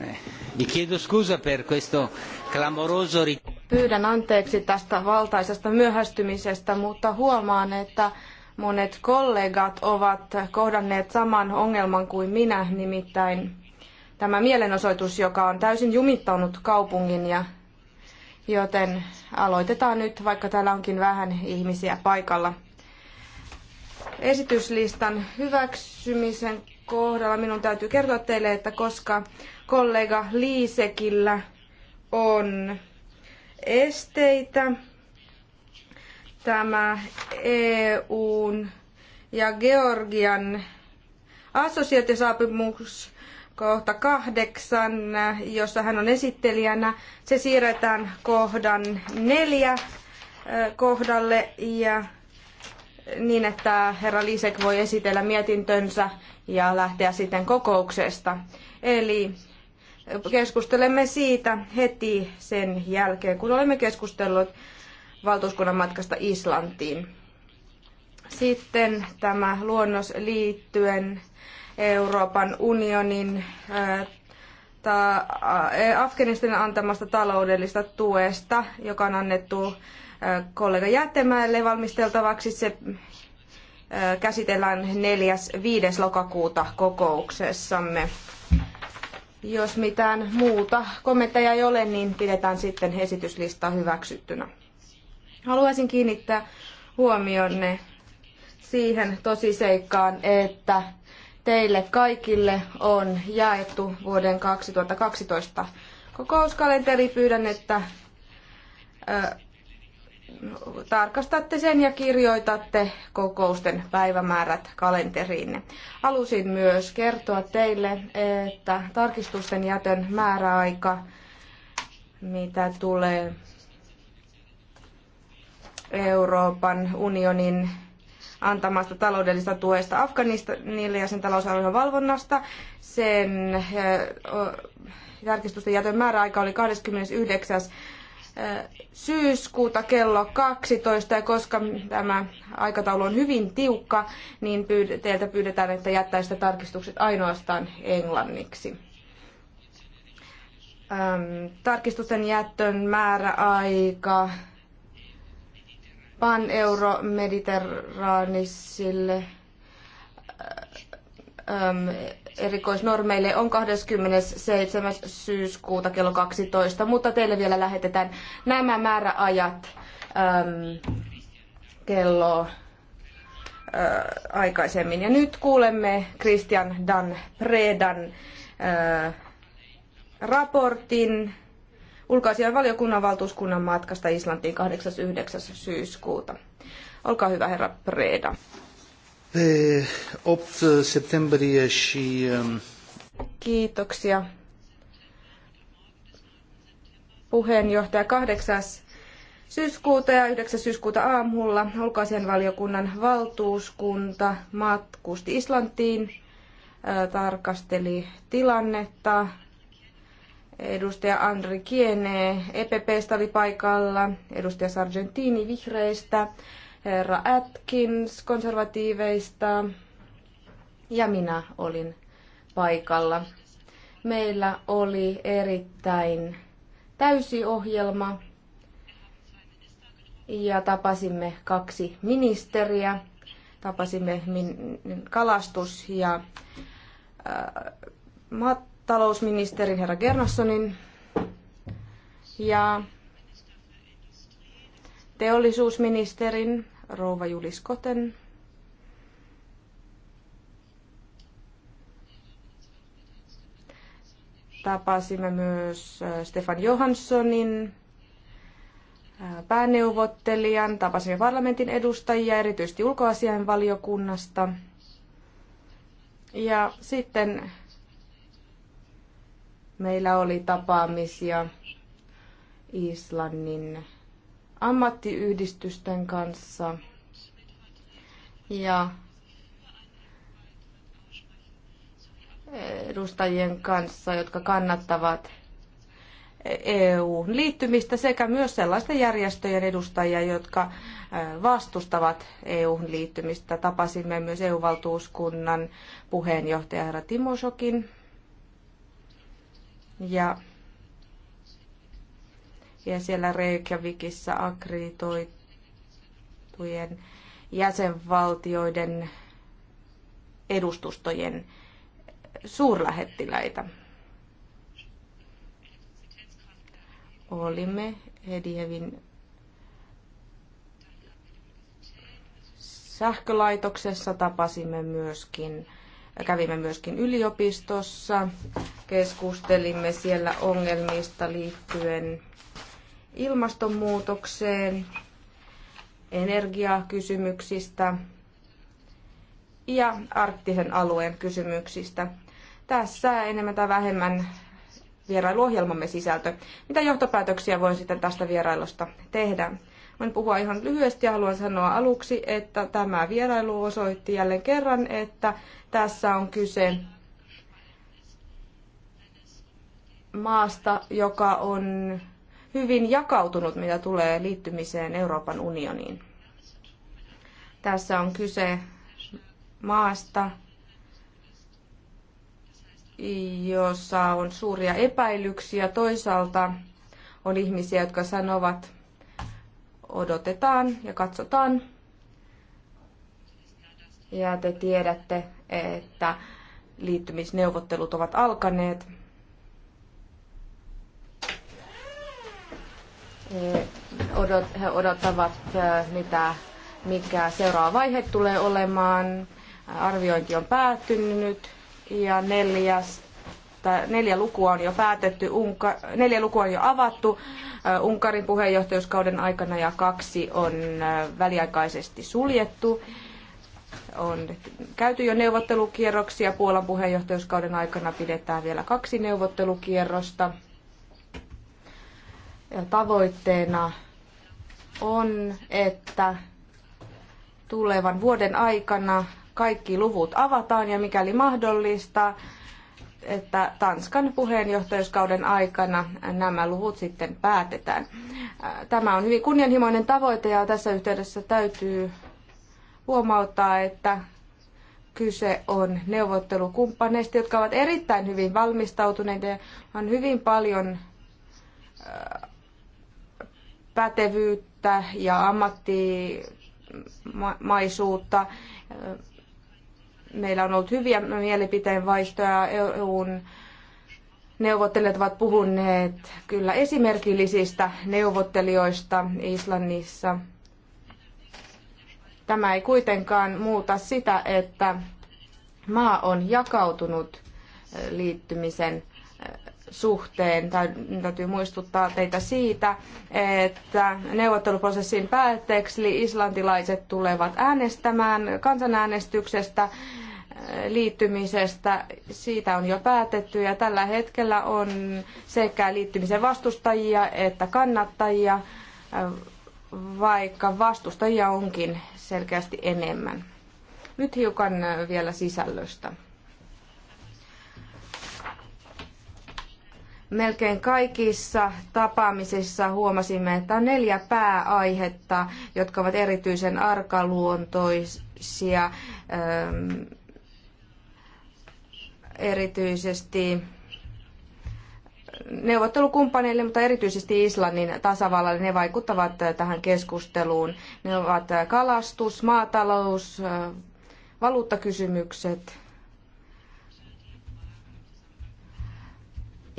Eh, Pyydän anteeksi tästä valtaisesta myöhästymisestä, mutta huomaan, että monet kollegat ovat kohdanneet saman ongelman kuin minä, nimittäin tämä mielenosoitus, joka on täysin jumittanut kaupungin ja joten aloitetaan nyt, vaikka täällä onkin vähän ihmisiä paikalla. Esityslistan hyväksymisen kohdalla minun täytyy kertoa teille, että koska kollega Liisekillä on esteitä. Tämä EUn ja Georgian assosiaatiosaapimus kohta kahdeksan, jossa hän on esittelijänä. Se siirretään kohdan neljä kohdalle ja niin, että herra Lisek voi esitellä mietintönsä ja lähteä sitten kokouksesta. Eli Keskustelemme siitä heti sen jälkeen, kun olemme keskustelleet valtuuskunnan matkasta Islantiin. Sitten tämä luonnos liittyen Euroopan unionin äh, äh, Afganistanin antamasta taloudellista tuesta, joka on annettu äh, kollega Jättemäelle valmisteltavaksi. Se käsitellään 4.5. lokakuuta kokouksessamme. Jos mitään muuta kommentteja ei ole, niin pidetään sitten esityslistaa hyväksyttynä. Haluaisin kiinnittää huomionne siihen tosiseikkaan, että teille kaikille on jaettu vuoden 2012 kokouskalenteri. Pyydän, että tarkastatte sen ja kirjoitatte kokousten päivämäärät kalenteriinne. Halusin myös kertoa teille, että tarkistusten jätön määräaika, mitä tulee Euroopan unionin antamasta taloudellista tuesta Afganistanille ja sen talousarvion valvonnasta. Sen tarkistusten jätön määräaika oli 29 syyskuuta kello 12 ja koska tämä aikataulu on hyvin tiukka, niin pyyd- teiltä pyydetään, että jättäisitte tarkistukset ainoastaan englanniksi. Ähm, tarkistusten jättön määräaika pan-euro-mediterraanisille ähm, erikoisnormeille on 27. syyskuuta kello 12, mutta teille vielä lähetetään nämä määräajat äm, kello ä, äh, aikaisemmin. Ja nyt kuulemme Christian Dan Predan ä, äh, raportin ulkoasian valiokunnan valtuuskunnan matkasta Islantiin 8.9. syyskuuta. Olkaa hyvä, herra Preda. Pe 8 septembrie și... Um, Kiitoksia. Puheenjohtaja 8. syyskuuta ja 9. syyskuuta aamulla ulkoasianvaliokunnan valtuuskunta matkusti Islantiin, tarkasteli tilannetta. Edustaja Andri Kiene EPPstä oli paikalla, edustaja Sargentini Vihreistä, herra Atkins konservatiiveista ja minä olin paikalla. Meillä oli erittäin täysi ohjelma ja tapasimme kaksi ministeriä. Tapasimme kalastus- ja äh, maatalousministerin herra Gernassonin ja teollisuusministerin rouva Julis Koten. Tapasimme myös äh, Stefan Johanssonin äh, pääneuvottelijan, tapasimme parlamentin edustajia, erityisesti ulkoasiainvaliokunnasta. Ja sitten meillä oli tapaamisia Islannin ammattiyhdistysten kanssa ja edustajien kanssa, jotka kannattavat EU-liittymistä sekä myös sellaisten järjestöjen edustajia, jotka vastustavat EU-liittymistä. Tapasimme myös EU-valtuuskunnan puheenjohtaja herra Timosokin ja ja siellä Reykjavikissa akkreditoitujen jäsenvaltioiden edustustojen suurlähettiläitä. Olimme Hedievin sähkölaitoksessa, tapasimme myöskin, kävimme myöskin yliopistossa, keskustelimme siellä ongelmista liittyen ilmastonmuutokseen, energiakysymyksistä ja arktisen alueen kysymyksistä. Tässä enemmän tai vähemmän vierailuohjelmamme sisältö. Mitä johtopäätöksiä voin sitten tästä vierailusta tehdä? Voin puhua ihan lyhyesti ja haluan sanoa aluksi, että tämä vierailu osoitti jälleen kerran, että tässä on kyse maasta, joka on hyvin jakautunut, mitä tulee liittymiseen Euroopan unioniin. Tässä on kyse maasta, jossa on suuria epäilyksiä. Toisaalta on ihmisiä, jotka sanovat, odotetaan ja katsotaan. Ja te tiedätte, että liittymisneuvottelut ovat alkaneet. odot, he odottavat, mitä, mikä seuraava vaihe tulee olemaan. Arviointi on päättynyt ja neljäs, neljä lukua on jo päätetty, Unka, neljä lukua on jo avattu Unkarin puheenjohtajuuskauden aikana ja kaksi on väliaikaisesti suljettu. On käyty jo neuvottelukierroksia. Puolan puheenjohtajuuskauden aikana pidetään vielä kaksi neuvottelukierrosta tavoitteena on, että tulevan vuoden aikana kaikki luvut avataan ja mikäli mahdollista, että Tanskan puheenjohtajuuskauden aikana nämä luvut sitten päätetään. Tämä on hyvin kunnianhimoinen tavoite ja tässä yhteydessä täytyy huomauttaa, että kyse on neuvottelukumppaneista, jotka ovat erittäin hyvin valmistautuneita ja on hyvin paljon pätevyyttä ja ammattimaisuutta. Meillä on ollut hyviä mielipiteen vaihtoja EUn neuvottelijat ovat puhuneet kyllä esimerkillisistä neuvottelijoista Islannissa. Tämä ei kuitenkaan muuta sitä, että maa on jakautunut liittymisen suhteen. Täytyy muistuttaa teitä siitä, että neuvotteluprosessin päätteeksi islantilaiset tulevat äänestämään kansanäänestyksestä äh, liittymisestä. Siitä on jo päätetty ja tällä hetkellä on sekä liittymisen vastustajia että kannattajia, äh, vaikka vastustajia onkin selkeästi enemmän. Nyt hiukan äh, vielä sisällöstä. Melkein kaikissa tapaamisissa huomasimme, että on neljä pääaihetta, jotka ovat erityisen arkaluontoisia, ähm, erityisesti neuvottelukumppaneille, mutta erityisesti Islannin tasavallalle ne vaikuttavat tähän keskusteluun. Ne ovat kalastus, maatalous, äh, valuuttakysymykset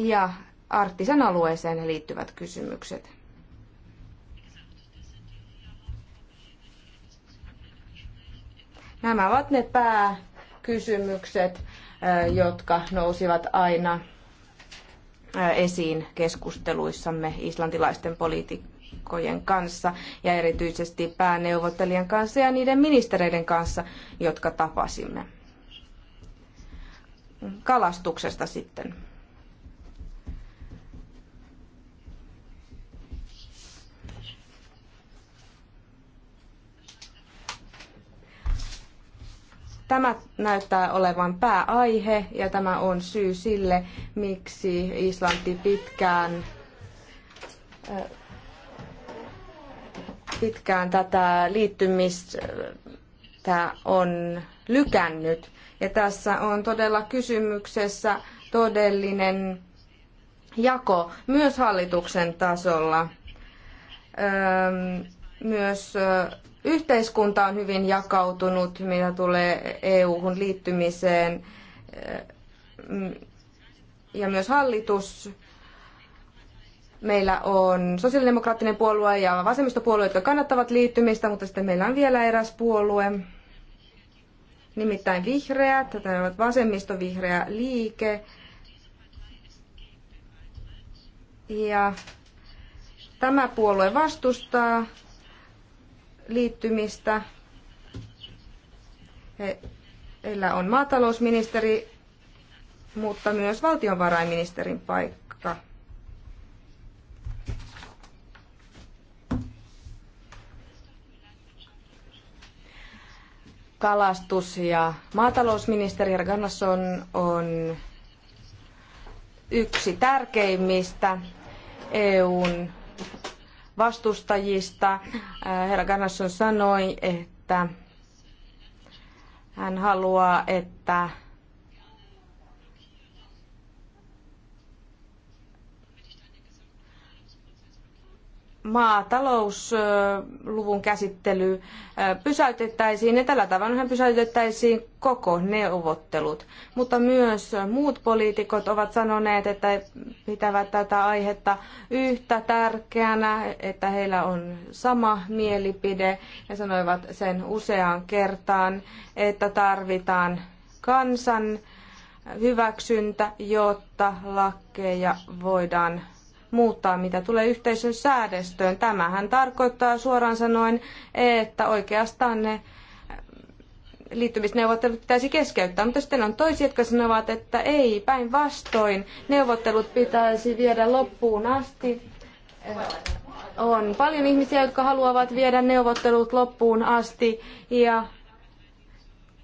ja arktisen alueeseen liittyvät kysymykset. Nämä ovat ne pääkysymykset, jotka nousivat aina esiin keskusteluissamme islantilaisten poliitikkojen kanssa ja erityisesti pääneuvottelijan kanssa ja niiden ministereiden kanssa, jotka tapasimme. Kalastuksesta sitten. Tämä näyttää olevan pääaihe ja tämä on syy sille, miksi Islanti pitkään pitkään tätä liittymistä on lykännyt. Ja tässä on todella kysymyksessä todellinen jako myös hallituksen tasolla. Myös Yhteiskunta on hyvin jakautunut, mitä tulee EU-hun liittymiseen eh, ja myös hallitus. Meillä on sosiaalidemokraattinen puolue ja vasemmistopuolue, jotka kannattavat liittymistä, mutta sitten meillä on vielä eräs puolue, nimittäin vihreät, tämä on vasemmistovihreä liike. Ja tämä puolue vastustaa liittymistä. He, heillä on maatalousministeri, mutta myös valtionvarainministerin paikka. kalastus- ja maatalousministeri Ganasson on yksi tärkeimmistä EUn vastustajista. Äh, Herra Ganasson sanoi, että hän haluaa, että maatalousluvun käsittely pysäytettäisiin ja tällä tavalla pysäytettäisiin koko neuvottelut. Mutta myös muut poliitikot ovat sanoneet, että pitävät tätä aihetta yhtä tärkeänä, että heillä on sama mielipide ja sanoivat sen useaan kertaan, että tarvitaan kansan hyväksyntä, jotta lakkeja voidaan muuttaa, mitä tulee yhteisön säädöstöön. Tämähän tarkoittaa suoraan sanoen, että oikeastaan ne liittymisneuvottelut pitäisi keskeyttää, mutta sitten on toisia, jotka sanovat, että ei, päinvastoin, neuvottelut pitäisi viedä loppuun asti. On paljon ihmisiä, jotka haluavat viedä neuvottelut loppuun asti ja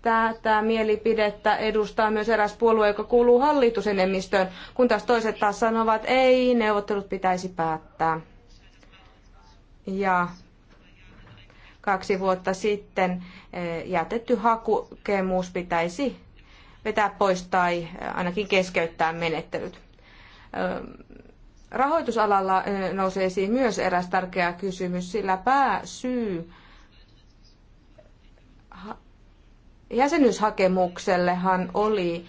tätä mielipidettä edustaa myös eräs puolue, joka kuuluu hallitusenemmistöön, kun taas toiset taas sanovat, että ei, neuvottelut pitäisi päättää. Ja kaksi vuotta sitten eh, jätetty hakukemus pitäisi vetää pois tai eh, ainakin keskeyttää menettelyt. Eh, rahoitusalalla nousee esiin myös eräs tärkeä kysymys, sillä pääsyy jäsenyyshakemuksellehan oli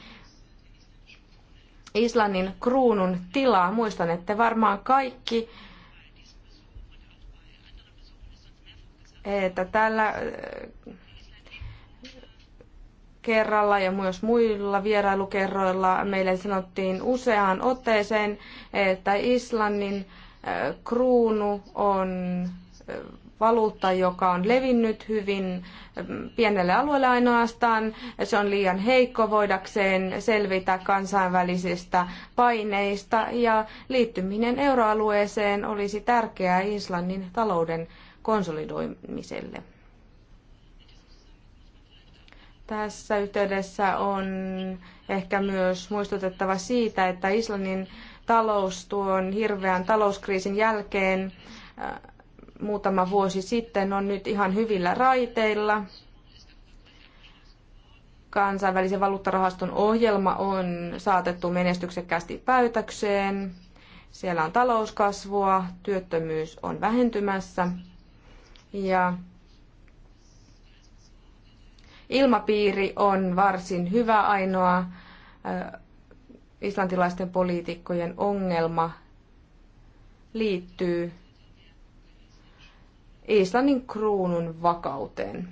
Islannin kruunun tilaa. Muistan, että varmaan kaikki, että tällä äh, kerralla ja myös muilla vierailukerroilla meille sanottiin useaan otteeseen, että Islannin äh, kruunu on äh, valuutta, joka on levinnyt hyvin ähm, pienelle alueelle ainoastaan. Se on liian heikko voidakseen selvitä kansainvälisistä paineista ja liittyminen euroalueeseen olisi tärkeää Islannin talouden konsolidoimiselle. Tässä yhteydessä on ehkä myös muistutettava siitä, että Islannin talous tuon hirveän talouskriisin jälkeen äh, muutama vuosi sitten on nyt ihan hyvillä raiteilla. Kansainvälisen valuuttarahaston ohjelma on saatettu menestyksekkäästi päätökseen. Siellä on talouskasvua, työttömyys on vähentymässä ja ilmapiiri on varsin hyvä ainoa islantilaisten poliitikkojen ongelma liittyy Islannin kruunun vakauteen.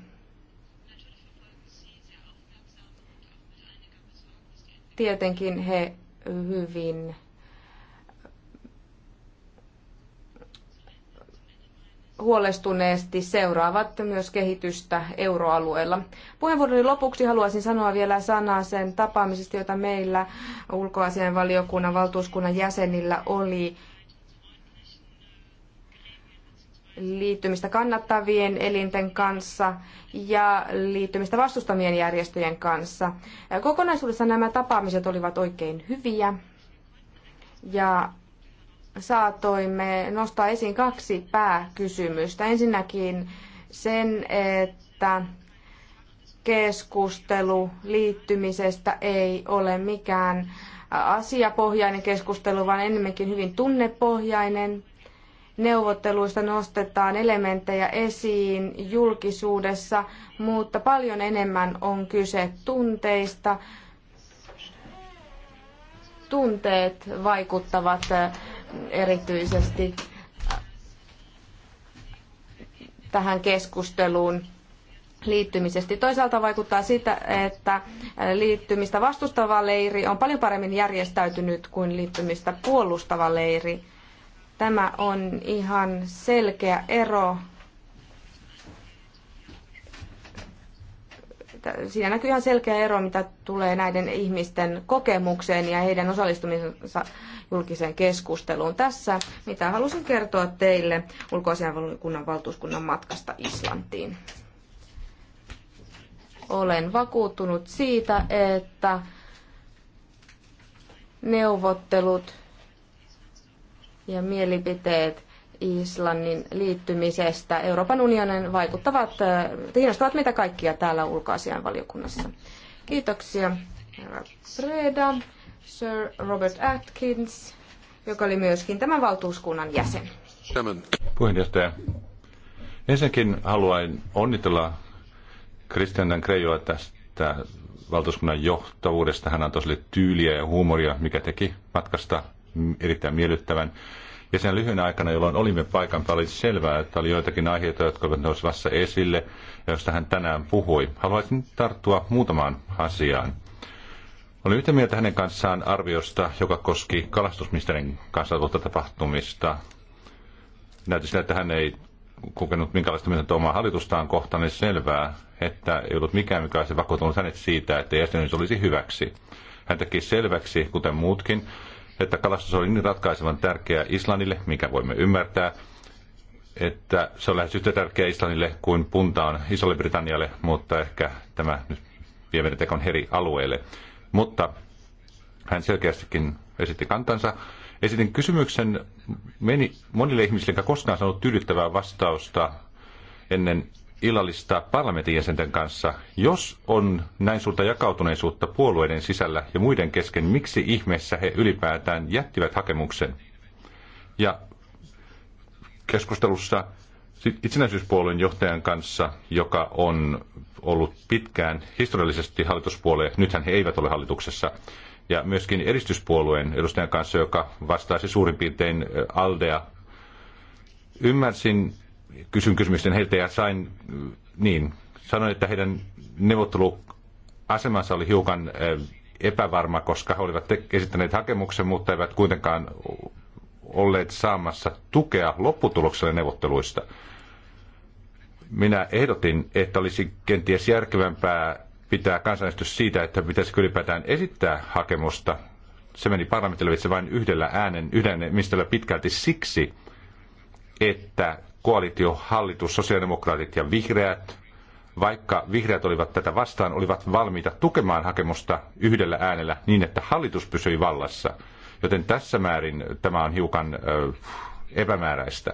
Tietenkin he hyvin huolestuneesti seuraavat myös kehitystä euroalueella. Puheenvuoroni lopuksi haluaisin sanoa vielä sanaa sen tapaamisesta, jota meillä ulkoasianvaliokunnan valtuuskunnan jäsenillä oli liittymistä kannattavien elinten kanssa ja liittymistä vastustamien järjestöjen kanssa. Kokonaisuudessa nämä tapaamiset olivat oikein hyviä ja saatoimme nostaa esiin kaksi pääkysymystä. Ensinnäkin sen, että keskustelu liittymisestä ei ole mikään asiapohjainen keskustelu, vaan enemmänkin hyvin tunnepohjainen neuvotteluista nostetaan elementtejä esiin julkisuudessa, mutta paljon enemmän on kyse tunteista. Tunteet vaikuttavat äh, erityisesti äh, tähän keskusteluun liittymisesti. Toisaalta vaikuttaa sitä, että äh, liittymistä vastustava leiri on paljon paremmin järjestäytynyt kuin liittymistä puolustava leiri. Tämä on ihan selkeä ero. Siinä näkyy ihan selkeä ero, mitä tulee näiden ihmisten kokemukseen ja heidän osallistumisensa julkiseen keskusteluun. Tässä, mitä halusin kertoa teille ulkoasianvaliokunnan valtuuskunnan matkasta Islantiin. Olen vakuuttunut siitä, että neuvottelut ja mielipiteet Islannin liittymisestä Euroopan unionin vaikuttavat, äh, kiinnostavat meitä kaikkia täällä ulkoasian valiokunnassa. Kiitoksia herra Preda, Sir Robert Atkins, joka oli myöskin tämän valtuuskunnan jäsen. Puheenjohtaja, ensinnäkin haluan onnitella Christian Krejoa tästä valtuuskunnan johtavuudesta. Hän antoi sille tyyliä ja huumoria, mikä teki matkasta Mm, erittäin miellyttävän. Ja sen lyhyen aikana, jolloin olimme paikan päällä, oli selvää, että oli joitakin aiheita, jotka olivat nousevassa esille, ja joista hän tänään puhui. Haluaisin tarttua muutamaan asiaan. Olin yhtä mieltä hänen kanssaan arviosta, joka koski kalastusministerin kanssa tuota tapahtumista. Näytti sillä, että hän ei kokenut minkälaista mieltä omaa hallitustaan kohtaan, niin selvää, että ei ollut mikään, mikä olisi vakuuttunut hänet siitä, että jäsenyys olisi hyväksi. Hän teki selväksi, kuten muutkin, että kalastus oli niin ratkaisevan tärkeää Islannille, mikä voimme ymmärtää, että se on lähes yhtä tärkeä Islannille kuin punta on Isolle Britannialle, mutta ehkä tämä nyt vie tekon heri alueelle. Mutta hän selkeästikin esitti kantansa. Esitin kysymyksen meni monille ihmisille, jotka koskaan saanut tyydyttävää vastausta ennen illallista parlamentin jäsenten kanssa. Jos on näin suurta jakautuneisuutta puolueiden sisällä ja muiden kesken, miksi ihmeessä he ylipäätään jättivät hakemuksen? Ja keskustelussa itsenäisyyspuolueen johtajan kanssa, joka on ollut pitkään historiallisesti hallituspuolue, nythän he eivät ole hallituksessa, ja myöskin edistyspuolueen edustajan kanssa, joka vastaisi suurin piirtein Aldea. Ymmärsin kysyn kysymyksen niin heiltä ja sain, niin, sanoin, että heidän neuvotteluasemansa oli hiukan eh, epävarma, koska he olivat esittäneet hakemuksen, mutta eivät kuitenkaan olleet saamassa tukea lopputulokselle neuvotteluista. Minä ehdotin, että olisi kenties järkevämpää pitää kansanäänestys siitä, että pitäisi ylipäätään esittää hakemusta. Se meni parlamentille vain yhdellä äänen, yhden mistä pitkälti siksi, että koalitiohallitus, sosiaalidemokraatit ja vihreät, vaikka vihreät olivat tätä vastaan, olivat valmiita tukemaan hakemusta yhdellä äänellä niin, että hallitus pysyi vallassa. Joten tässä määrin tämä on hiukan ö, epämääräistä.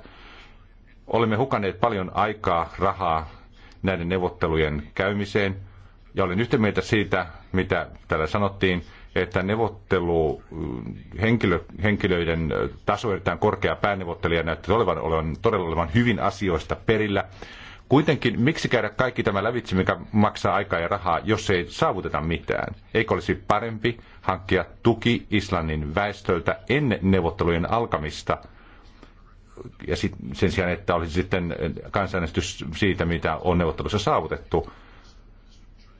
Olemme hukanneet paljon aikaa, rahaa näiden neuvottelujen käymiseen, ja olen yhtä mieltä siitä, mitä täällä sanottiin, että neuvottelu mm, henkilö, henkilöiden taso erittäin korkea pääneuvottelija näyttää olevan, olevan, todella olevan hyvin asioista perillä. Kuitenkin miksi käydä kaikki tämä lävitse, mikä maksaa aikaa ja rahaa, jos ei saavuteta mitään? Eikö olisi parempi hankkia tuki Islannin väestöltä ennen neuvottelujen alkamista? Ja sit, sen sijaan, että olisi sitten kansanäänestys siitä, mitä on neuvottelussa saavutettu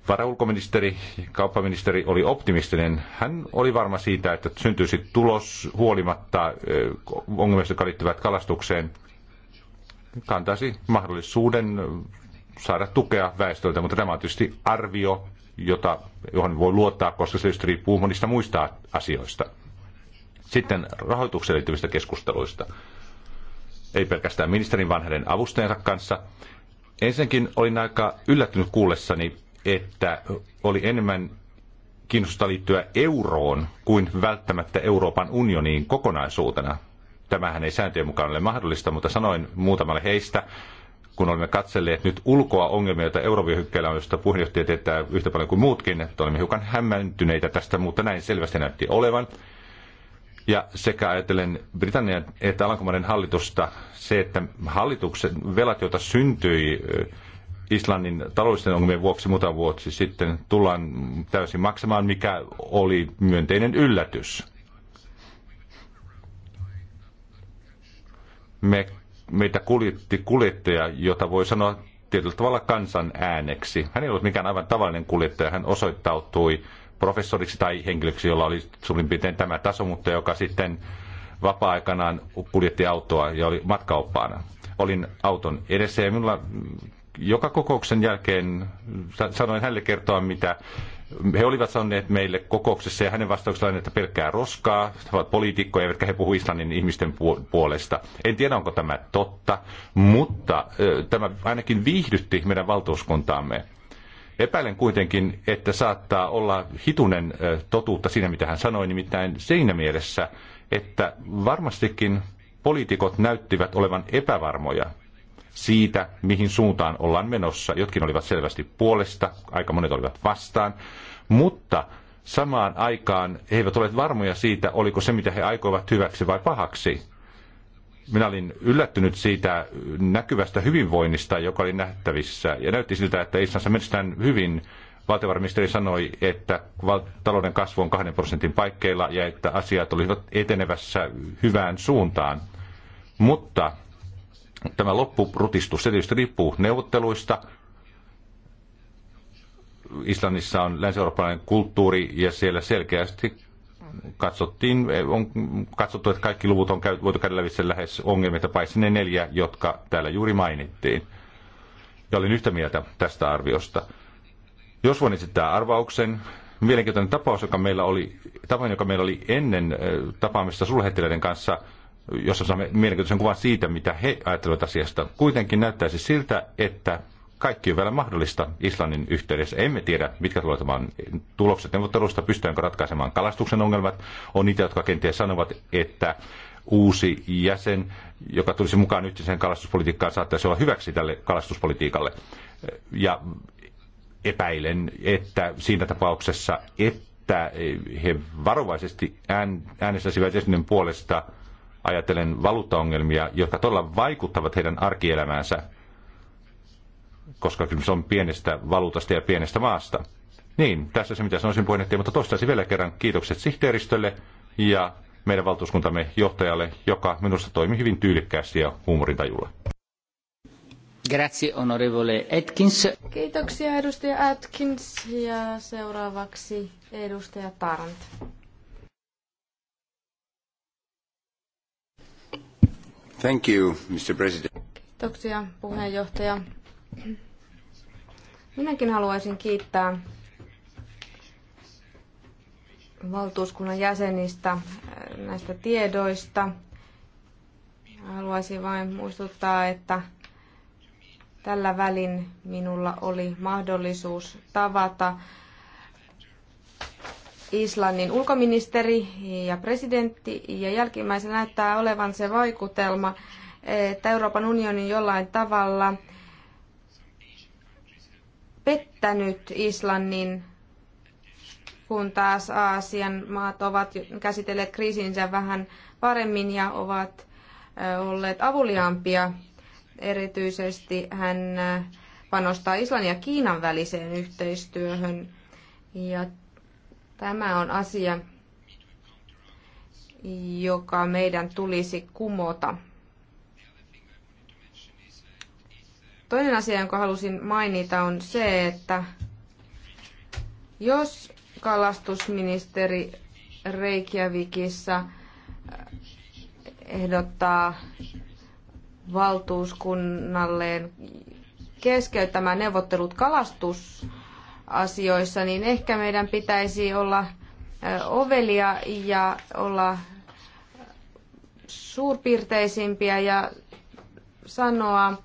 varaulkoministeri, kauppaministeri oli optimistinen. Hän oli varma siitä, että syntyisi tulos huolimatta ongelmista, jotka liittyvät kalastukseen. Kantaisi mahdollisuuden saada tukea väestöltä, mutta tämä on tietysti arvio, jota, johon voi luottaa, koska se just riippuu monista muista asioista. Sitten rahoitukseen liittyvistä keskusteluista. Ei pelkästään ministerin, vaan avustajansa kanssa. Ensinnäkin olin aika yllättynyt kuullessani että oli enemmän kiinnostusta liittyä euroon kuin välttämättä Euroopan unioniin kokonaisuutena. Tämähän ei sääntöjen mukaan ole mahdollista, mutta sanoin muutamalle heistä, kun olemme katselleet nyt ulkoa ongelmia, joita eurovyöhykkeellä on, josta puheenjohtaja tietää yhtä paljon kuin muutkin, että olemme hiukan hämmentyneitä tästä, mutta näin selvästi näytti olevan. Ja sekä ajatellen Britannian että Alankomaiden hallitusta, se, että hallituksen velat, joita syntyi Islannin taloudellisten ongelmien vuoksi muutama vuosi sitten tullaan täysin maksamaan, mikä oli myönteinen yllätys. Me, meitä kuljetti kuljettaja, jota voi sanoa tietyllä tavalla kansan ääneksi. Hän ei ollut mikään aivan tavallinen kuljettaja, hän osoittautui professoriksi tai henkilöksi, jolla oli suurin piirtein tämä taso, mutta joka sitten vapaa-aikanaan kuljetti autoa ja oli matkaoppaana. Olin auton edessä ja minulla joka kokouksen jälkeen sanoin hänelle kertoa, mitä he olivat sanoneet meille kokouksessa ja hänen vastauksellaan, että pelkkää roskaa, he ovat poliitikkoja, eivätkä he puhu Islannin ihmisten puolesta. En tiedä, onko tämä totta, mutta tämä ainakin viihdytti meidän valtuuskuntaamme. Epäilen kuitenkin, että saattaa olla hitunen totuutta siinä, mitä hän sanoi, nimittäin siinä mielessä, että varmastikin poliitikot näyttivät olevan epävarmoja siitä, mihin suuntaan ollaan menossa. Jotkin olivat selvästi puolesta, aika monet olivat vastaan, mutta samaan aikaan he eivät ole varmoja siitä, oliko se, mitä he aikoivat hyväksi vai pahaksi. Minä olin yllättynyt siitä näkyvästä hyvinvoinnista, joka oli nähtävissä, ja näytti siltä, että Islannissa menestään hyvin. Valtiovarainministeri sanoi, että talouden kasvu on kahden prosentin paikkeilla ja että asiat olivat etenevässä hyvään suuntaan. Mutta tämä loppurutistus, se tietysti riippuu neuvotteluista. Islannissa on länsi-eurooppalainen kulttuuri ja siellä selkeästi katsottiin, on katsottu, että kaikki luvut on voitu käydä lävitse lähes ongelmia, paitsi ne neljä, jotka täällä juuri mainittiin. Ja olin yhtä mieltä tästä arviosta. Jos voin esittää arvauksen, mielenkiintoinen tapaus, joka meillä oli, tapaus, joka meillä oli ennen äh, tapaamista sulhettiläiden kanssa – jossa saamme mielenkiintoisen kuvan siitä, mitä he ajattelevat asiasta. Kuitenkin näyttäisi siltä, että kaikki on vielä mahdollista Islannin yhteydessä. Emme tiedä, mitkä tulevat olemaan tulokset neuvottelusta, pystytäänkö ratkaisemaan kalastuksen ongelmat. On niitä, jotka kenties sanovat, että uusi jäsen, joka tulisi mukaan yhteiseen kalastuspolitiikkaan, saattaisi olla hyväksi tälle kalastuspolitiikalle. Ja epäilen, että siinä tapauksessa, että he varovaisesti äänestäisivät jäsenen puolesta – ajatellen valuuttaongelmia, jotka todella vaikuttavat heidän arkielämäänsä, koska kysymys on pienestä valuutasta ja pienestä maasta. Niin, tässä se mitä sanoisin puheenjohtaja, mutta toistaisin vielä kerran kiitokset sihteeristölle ja meidän valtuuskuntamme johtajalle, joka minusta toimi hyvin tyylikkäästi ja huumorintajulla. Grazie, onorevole Atkins. Kiitoksia, edustaja Atkins. Ja seuraavaksi edustaja Tarant. Thank you, Mr. President. Kiitoksia, puheenjohtaja. Minäkin haluaisin kiittää valtuuskunnan jäsenistä äh, näistä tiedoista. Haluaisin vain muistuttaa, että tällä välin minulla oli mahdollisuus tavata Islannin ulkoministeri ja presidentti, ja jälkimmäisenä näyttää olevan se vaikutelma, että Euroopan unioni jollain tavalla pettänyt Islannin, kun taas Aasian maat ovat käsitelleet kriisinsä vähän paremmin ja ovat olleet avuliaampia. Erityisesti hän panostaa Islannin ja Kiinan väliseen yhteistyöhön. Ja Tämä on asia, joka meidän tulisi kumota. Toinen asia, jonka halusin mainita, on se, että jos kalastusministeri Reykjavikissa äh, ehdottaa valtuuskunnalleen keskeyttämään neuvottelut kalastus asioissa, niin ehkä meidän pitäisi olla ovelia ja olla suurpiirteisimpiä ja sanoa,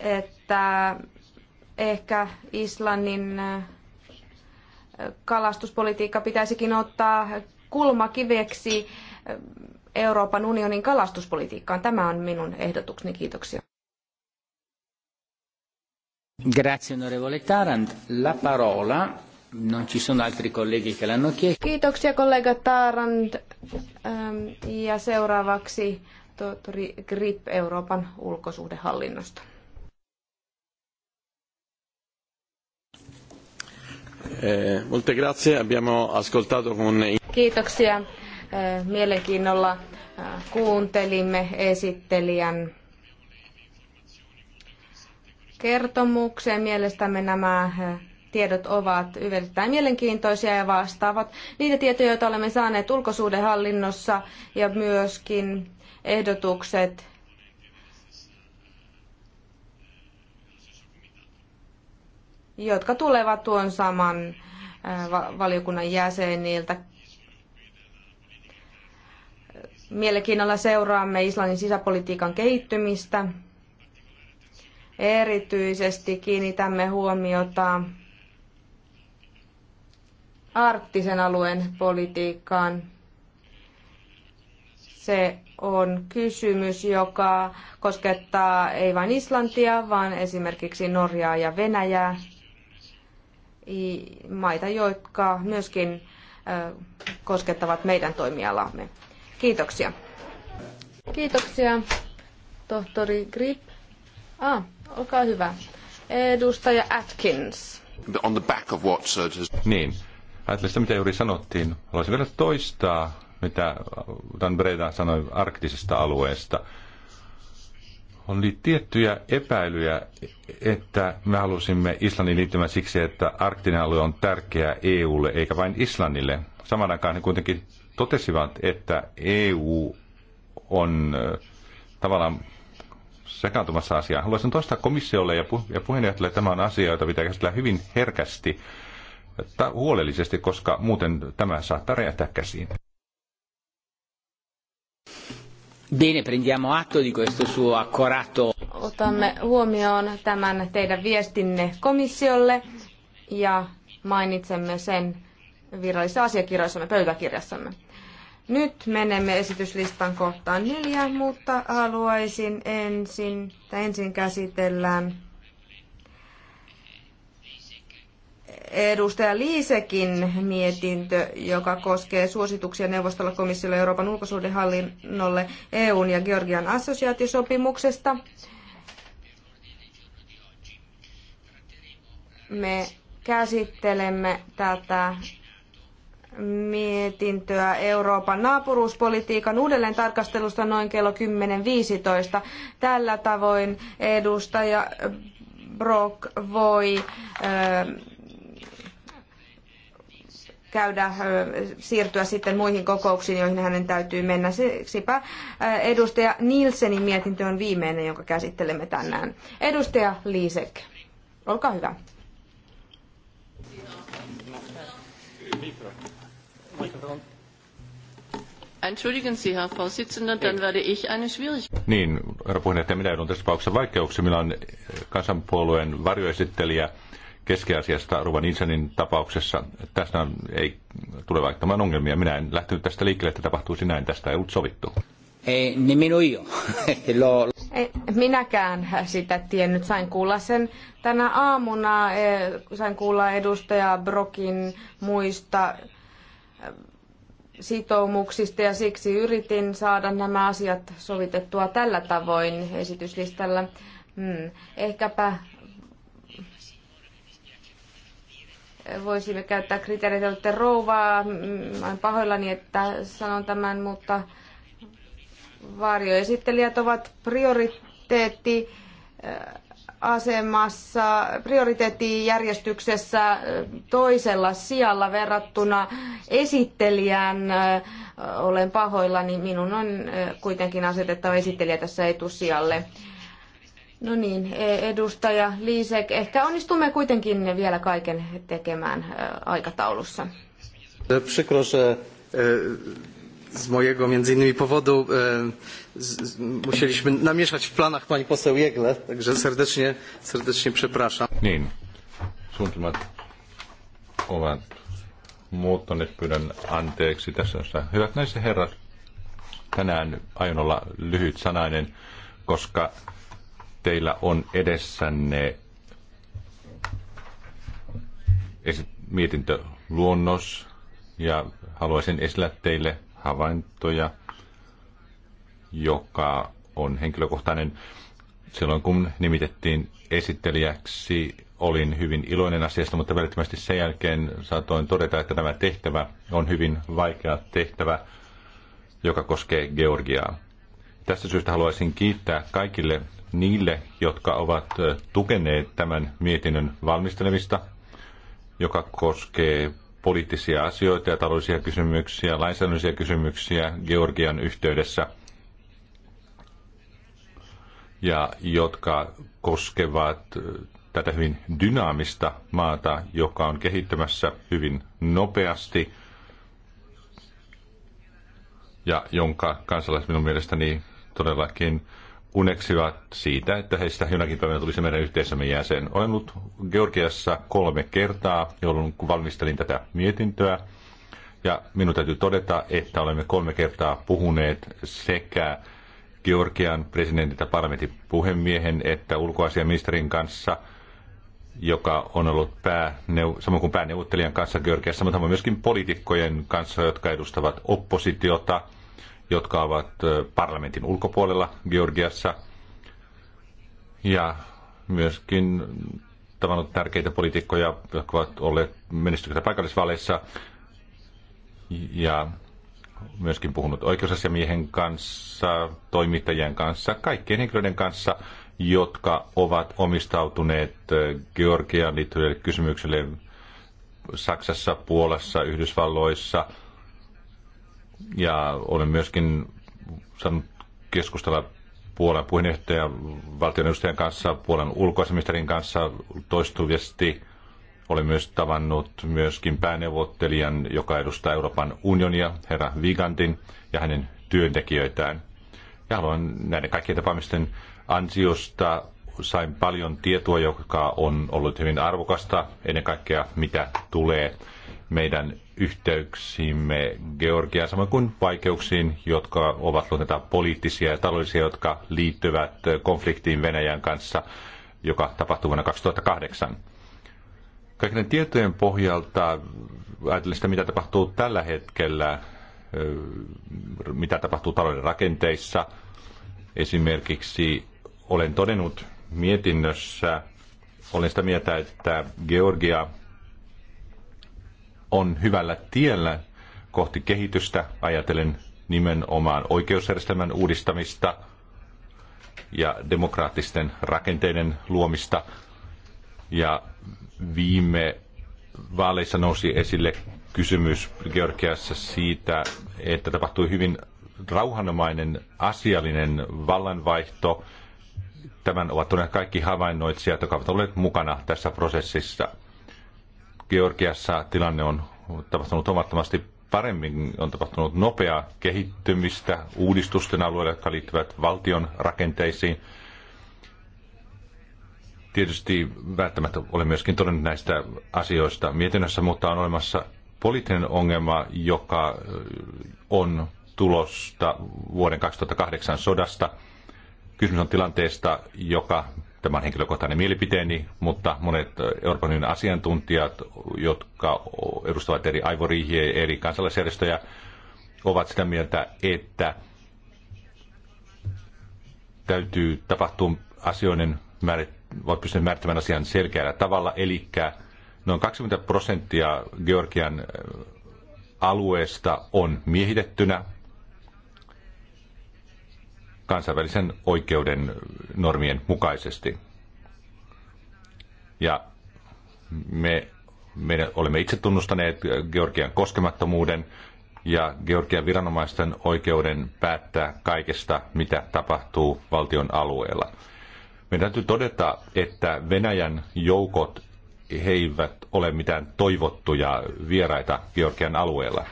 että ehkä Islannin kalastuspolitiikka pitäisikin ottaa kulmakiveksi Euroopan unionin kalastuspolitiikkaan. Tämä on minun ehdotukseni. Kiitoksia. Grazie onorevole La parola, non ci sono altri colleghi che l'hanno chiesto. Kiitoksia kollega Tarand. Ehm, ja seuraavaksi tohtori Grip Euroopan ulkosuhdehallinnosta. Eh, molte grazie, abbiamo ascoltato con... Kiitoksia. Eh, mielenkiinnolla eh, kuuntelimme esittelijän kertomukseen. Mielestämme nämä eh, tiedot ovat yrittäin mielenkiintoisia ja vastaavat niitä tietoja, joita olemme saaneet ulkosuudenhallinnossa ja myöskin ehdotukset jotka tulevat tuon saman eh, valiokunnan jäseniltä. Mielenkiinnolla seuraamme Islannin sisäpolitiikan kehittymistä. Erityisesti kiinnitämme huomiota arktisen alueen politiikkaan. Se on kysymys, joka koskettaa ei vain Islantia, vaan esimerkiksi Norjaa ja Venäjää, maita, jotka myöskin koskettavat meidän toimialamme. Kiitoksia. Kiitoksia, tohtori Grip. Ah, olkaa hyvä. Edustaja Atkins. On the back of what, sir, has... Niin. Ajattelin sitä, mitä juuri sanottiin. Haluaisin vielä toistaa, mitä Dan Breda sanoi arktisesta alueesta. on tiettyjä epäilyjä, että me halusimme Islannin liittymään siksi, että arktinen alue on tärkeä EUlle eikä vain Islannille. Saman aikaan he kuitenkin totesivat, että EU on tavallaan sekaantumassa asiaan. Haluaisin toista komissiolle ja, pu- ja puheenjohtajalle tämä on asia, jota pitää käsitellä hyvin herkästi ta- huolellisesti, koska muuten tämä saattaa räjähtää käsiin. Bene, prendiamo atto di questo suo accorato. Otamme huomioon tämän teidän viestinne komissiolle ja mainitsemme sen virallisessa asiakirjoissamme, pöytäkirjassamme. Nyt menemme esityslistan kohtaan neljä, mutta haluaisin ensin, tai ensin käsitellään edustaja Liisekin mietintö, joka koskee suosituksia neuvostolla komissiolle Euroopan ulkosuhdehallinnolle EUn ja Georgian assosiaatiosopimuksesta. Me käsittelemme tätä mietintöä Euroopan naapuruuspolitiikan uudelleen tarkastelusta noin kello 10.15. Tällä tavoin edustaja Brock voi ähm, käydä, äh, siirtyä sitten muihin kokouksiin, joihin hänen täytyy mennä. Siksipä äh, edustaja Nielsenin mietintö on viimeinen, jonka käsittelemme tänään. Edustaja Liisek, olkaa hyvä. Mikro. Herr Vorsitzender, dann werde ich eine Schwierigkeit. Niin, herra puhemies, minä joudun tässä tapauksessa vaikeuksiin. Minä olen eh, kansanpuolueen varjoesittelijä keski-Aasiasta Ruvan Insanin tapauksessa. Tästä ei tule vaikuttamaan ongelmia. Minä en lähtenyt tästä liikkeelle, että tapahtuisi näin. Tästä ei ollut sovittu. Ei, Minäkään sitä tiennyt. Sain kuulla sen tänä aamuna. Eh, sain kuulla edustaja Brokin muista sitoumuksista ja siksi yritin saada nämä asiat sovitettua tällä tavoin esityslistalla. Hmm. Ehkäpä voisimme käyttää kriteereitä, olette rouvaa, mm, olen pahoillani, että sanon tämän, mutta varjoesittelijät ovat prioriteetti äh, asemassa prioriteettijärjestyksessä toisella sijalla verrattuna esittelijään. Olen pahoillani, niin minun on kuitenkin asetettava esittelijä tässä etusijalle. No niin, edustaja Liisek, ehkä onnistumme kuitenkin vielä kaiken tekemään aikataulussa. Przykro, że e, z mojego między innymi powodu e, z, z, musieliśmy namieszać w planach pani poseł Jegle, także serdecznie, serdecznie przepraszam. Niin, suuntumat ovat pyydän anteeksi tässä. Hyvät naiset ja herrat, tänään aion olla lyhyt sanainen, koska teillä on edessänne mietintöluonnos ja haluaisin esillä teille havaintoja, joka on henkilökohtainen. Silloin kun nimitettiin esittelijäksi, olin hyvin iloinen asiasta, mutta välittömästi sen jälkeen saatoin todeta, että tämä tehtävä on hyvin vaikea tehtävä, joka koskee Georgiaa. Tästä syystä haluaisin kiittää kaikille niille, jotka ovat äh, tukeneet tämän mietinnön valmistelemista, joka koskee poliittisia asioita ja taloudellisia kysymyksiä, lainsäädännöllisiä kysymyksiä Georgian yhteydessä, ja jotka koskevat tätä hyvin dynaamista maata, joka on kehittymässä hyvin nopeasti ja jonka kansalaiset minun mielestäni todellakin uneksivat siitä, että heistä jonakin päivänä tulisi meidän yhteisömme jäsen. Olen ollut Georgiassa kolme kertaa, jolloin kun valmistelin tätä mietintöä. Ja minun täytyy todeta, että olemme kolme kertaa puhuneet sekä Georgian presidentin ja parlamentin puhemiehen että ulkoasiaministerin kanssa, joka on ollut pääneu- samoin kuin pääneuvottelijan kanssa Georgiassa, mutta myöskin poliitikkojen kanssa, jotka edustavat oppositiota – jotka ovat parlamentin ulkopuolella Georgiassa ja myöskin tavannut tärkeitä poliitikkoja, jotka ovat olleet menestyksestä paikallisvaaleissa ja myöskin puhunut oikeusasiamiehen kanssa, toimittajien kanssa, kaikkien henkilöiden kanssa, jotka ovat omistautuneet Georgian liittyville kysymyksille Saksassa, Puolassa, Yhdysvalloissa – ja olen myöskin saanut keskustella Puolan puheenjohtaja valtion kanssa, Puolan ulkoasiministerin kanssa toistuvasti. Olen myös tavannut myöskin pääneuvottelijan, joka edustaa Euroopan unionia, herra Vigandin ja hänen työntekijöitään. Ja haluan näiden kaikkien tapaamisten ansiosta sain paljon tietoa, joka on ollut hyvin arvokasta, ennen kaikkea mitä tulee meidän yhteyksiimme Georgia, samoin kuin vaikeuksiin, jotka ovat luonteita poliittisia ja taloudellisia, jotka liittyvät konfliktiin Venäjän kanssa, joka tapahtui vuonna 2008. Kaikkien tietojen pohjalta ajatellen sitä, mitä tapahtuu tällä hetkellä, mitä tapahtuu talouden rakenteissa. Esimerkiksi olen todennut mietinnössä, olen sitä mieltä, että Georgia on hyvällä tiellä kohti kehitystä, ajatellen nimenomaan oikeusjärjestelmän uudistamista ja demokraattisten rakenteiden luomista. Ja viime vaaleissa nousi esille kysymys Georgiassa siitä, että tapahtui hyvin rauhanomainen asiallinen vallanvaihto. Tämän ovat todenneet kaikki havainnoitsijat, jotka ovat olleet mukana tässä prosessissa – Georgiassa tilanne on tapahtunut huomattavasti paremmin, on tapahtunut nopeaa kehittymistä uudistusten alueella, jotka liittyvät valtion rakenteisiin. Tietysti välttämättä olen myöskin todennut näistä asioista mietinnössä, mutta on olemassa poliittinen ongelma, joka on tulosta vuoden 2008 sodasta. Kysymys on tilanteesta, joka Tämä on henkilökohtainen mielipiteeni, mutta monet Euroopan unionin asiantuntijat, jotka edustavat eri aivoriihiä ja eri kansalaisjärjestöjä, ovat sitä mieltä, että täytyy tapahtua asioiden määrit, ovat pystyneet määrittämään asian selkeällä tavalla, eli noin 20 prosenttia Georgian alueesta on miehitettynä, kansainvälisen oikeuden normien mukaisesti. Ja me, me olemme itse tunnustaneet Georgian koskemattomuuden ja Georgian viranomaisten oikeuden päättää kaikesta, mitä tapahtuu valtion alueella. Meidän täytyy todeta, että Venäjän joukot he eivät ole mitään toivottuja vieraita Georgian alueella.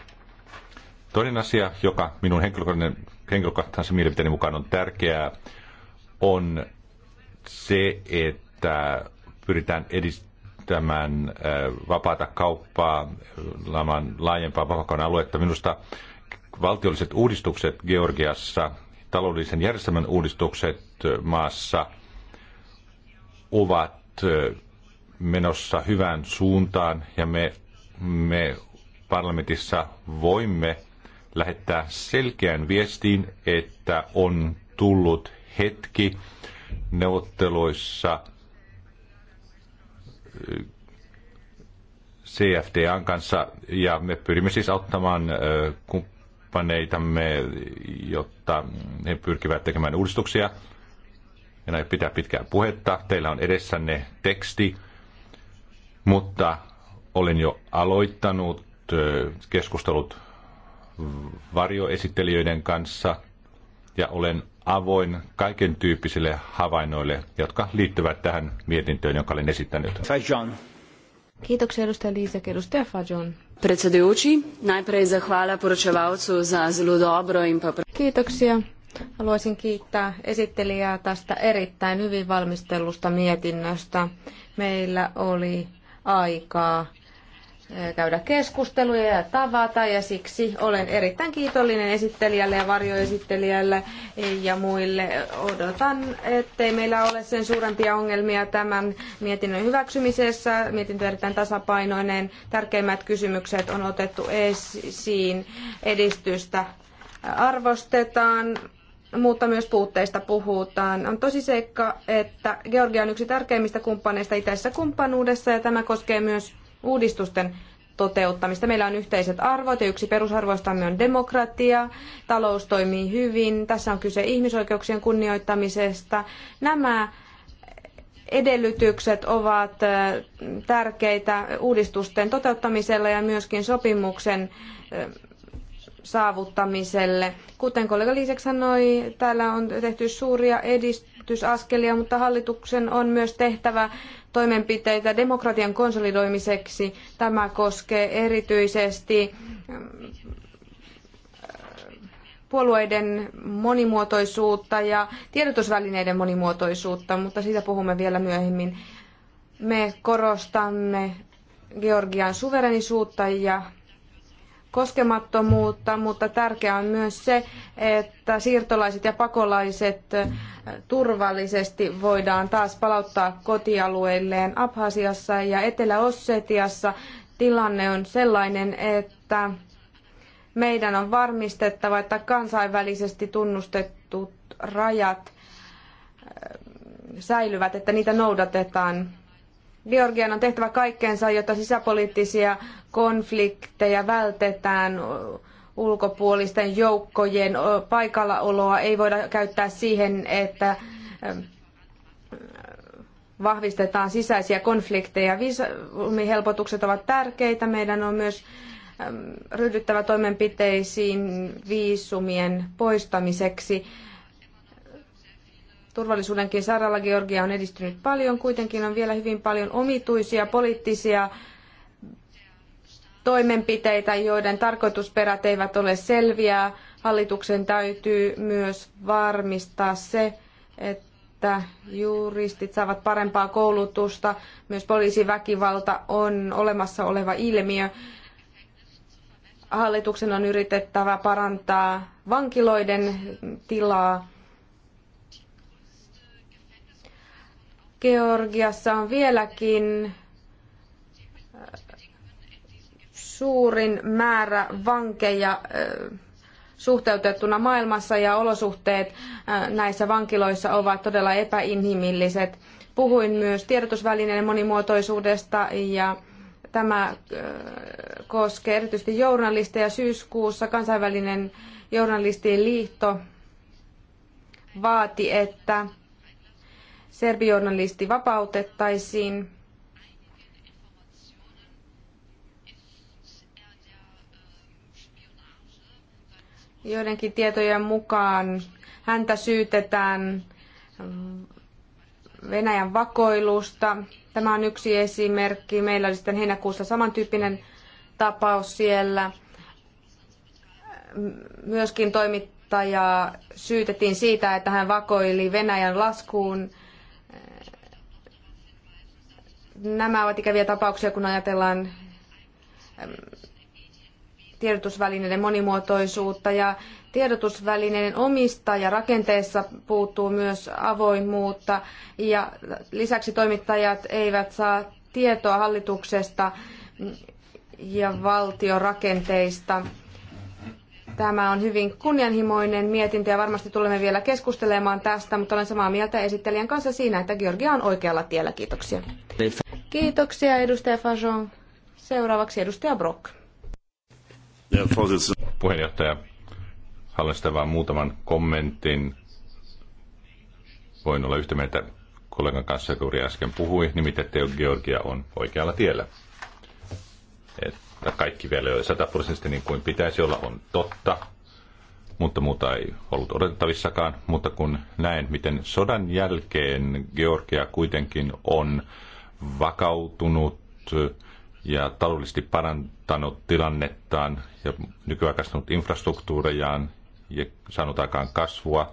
Toinen asia, joka minun henkilökohtainen henkilökohtaisen mielipiteeni mukaan on tärkeää, on se, että pyritään edistämään äh, vapaata kauppaa, laajempaa vapaakaan aluetta. Minusta valtiolliset uudistukset Georgiassa, taloudellisen järjestelmän uudistukset äh, maassa ovat äh, menossa hyvään suuntaan ja me, me parlamentissa voimme lähettää selkeän viestin, että on tullut hetki neuvotteluissa eh, CFDAn kanssa ja me pyrimme siis auttamaan eh, kumppaneitamme, jotta he pyrkivät tekemään uudistuksia. näin pitää pitkää puhetta. Teillä on edessänne teksti, mutta olen jo aloittanut eh, keskustelut varjoesittelijöiden kanssa ja olen avoin kaiken tyyppisille havainnoille, jotka liittyvät tähän mietintöön, jonka olen esittänyt. Fajon. Kiitoksia edustaja Liisek, edustaja Fajon. Predsedujući, najprej zahvala poročevalcu za zelo dobro in pa... Kiitoksia. Haluaisin kiittää esittelijää tästä erittäin hyvin valmistellusta mietinnöstä. Meillä oli aikaa Eh, käydä keskusteluja ja tavata ja siksi olen erittäin kiitollinen esittelijälle ja varjoesittelijälle eh, ja muille. Odotan, ettei meillä ole sen suurempia ongelmia tämän mietinnön hyväksymisessä. Mietintö on erittäin tasapainoinen. Tärkeimmät kysymykset on otettu esiin. Edistystä arvostetaan mutta myös puutteista puhutaan. On tosi seikka, että Georgia on yksi tärkeimmistä kumppaneista itäisessä kumppanuudessa ja tämä koskee myös uudistusten toteuttamista. Meillä on yhteiset arvot ja yksi perusarvoistamme on demokratia, talous toimii hyvin, tässä on kyse ihmisoikeuksien kunnioittamisesta. Nämä edellytykset ovat tärkeitä uudistusten toteuttamisella ja myöskin sopimuksen saavuttamiselle. Kuten kollega Liisek sanoi, täällä on tehty suuria edistysaskelia, mutta hallituksen on myös tehtävä toimenpiteitä demokratian konsolidoimiseksi. Tämä koskee erityisesti ähm, puolueiden monimuotoisuutta ja tiedotusvälineiden monimuotoisuutta, mutta siitä puhumme vielä myöhemmin. Me korostamme Georgian suverenisuutta ja koskemattomuutta, mutta tärkeää on myös se, että siirtolaiset ja pakolaiset turvallisesti voidaan taas palauttaa kotialueilleen Abhasiassa ja Etelä-Ossetiassa. Tilanne on sellainen, että meidän on varmistettava, että kansainvälisesti tunnustetut rajat säilyvät, että niitä noudatetaan Georgian on tehtävä kaikkeensa, jotta sisäpoliittisia konflikteja vältetään ulkopuolisten joukkojen paikallaoloa ei voida käyttää siihen, että ähm, vahvistetaan sisäisiä konflikteja. Viisumihelpotukset ovat tärkeitä. Meidän on myös ähm, ryhdyttävä toimenpiteisiin viisumien poistamiseksi turvallisuudenkin saralla Georgia on edistynyt paljon. Kuitenkin on vielä hyvin paljon omituisia poliittisia toimenpiteitä, joiden tarkoitusperät eivät ole selviä. Hallituksen täytyy myös varmistaa se, että juristit saavat parempaa koulutusta. Myös poliisiväkivalta on olemassa oleva ilmiö. Hallituksen on yritettävä parantaa vankiloiden tilaa Georgiassa on vieläkin äh, suurin määrä vankeja äh, suhteutettuna maailmassa ja olosuhteet äh, näissä vankiloissa ovat todella epäinhimilliset. Puhuin myös tiedotusvälineiden monimuotoisuudesta ja tämä koskee erityisesti journalisteja. Syyskuussa kansainvälinen journalistien liitto vaati, että serbijournalisti vapautettaisiin. Joidenkin tietojen mukaan häntä syytetään Venäjän vakoilusta. Tämä on yksi esimerkki. Meillä oli sitten heinäkuussa samantyyppinen tapaus siellä. Myöskin toimittajaa syytettiin siitä, että hän vakoili Venäjän laskuun nämä ovat ikäviä tapauksia, kun ajatellaan tiedotusvälineiden monimuotoisuutta ja tiedotusvälineiden omistajarakenteessa puuttuu myös avoimuutta ja lisäksi toimittajat eivät saa tietoa hallituksesta ja valtiorakenteista. Tämä on hyvin kunnianhimoinen mietintö ja varmasti tulemme vielä keskustelemaan tästä, mutta olen samaa mieltä esittelijän kanssa siinä, että Georgia on oikealla tiellä. Kiitoksia. Kiitoksia edustaja Fajon. Seuraavaksi edustaja Brock. Puheenjohtaja, haluaisin sitä vain muutaman kommentin. Voin olla yhtä mieltä kollegan kanssa, joka juuri äsken puhui, nimittäin Georgia on oikealla tiellä. Että kaikki vielä ei ole niin kuin pitäisi olla, on totta, mutta muuta ei ollut odotettavissakaan. Mutta kun näen, miten sodan jälkeen Georgia kuitenkin on vakautunut ja taloudellisesti parantanut tilannettaan ja nykyaikaistanut infrastruktuurejaan ja saanut aikaan kasvua.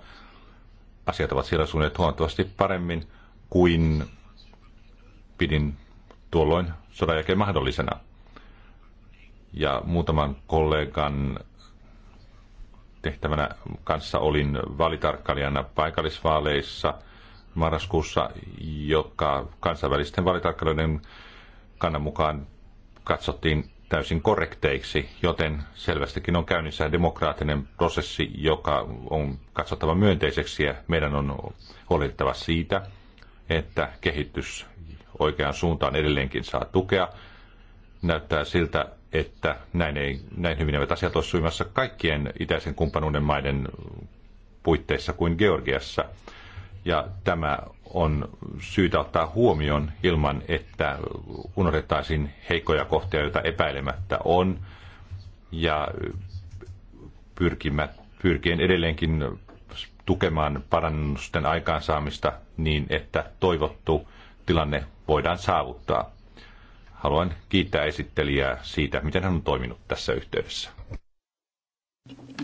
Asiat ovat siellä suunnilleen huomattavasti paremmin kuin pidin tuolloin sodan jälkeen mahdollisena. Ja muutaman kollegan tehtävänä kanssa olin valitarkkailijana paikallisvaaleissa – marraskuussa, joka kansainvälisten valitarkkailujen kannan mukaan katsottiin täysin korrekteiksi, joten selvästikin on käynnissä demokraattinen prosessi, joka on katsottava myönteiseksi ja meidän on huolehdittava siitä, että kehitys oikeaan suuntaan edelleenkin saa tukea. Näyttää siltä, että näin, ei, näin hyvin eivät asiat ole suimassa kaikkien itäisen kumppanuuden maiden puitteissa kuin Georgiassa ja tämä on syytä ottaa huomioon ilman, että unohdettaisiin heikkoja kohtia, joita epäilemättä on, ja pyrkimät, pyrkien edelleenkin tukemaan parannusten aikaansaamista niin, että toivottu tilanne voidaan saavuttaa. Haluan kiittää esittelijää siitä, miten hän on toiminut tässä yhteydessä.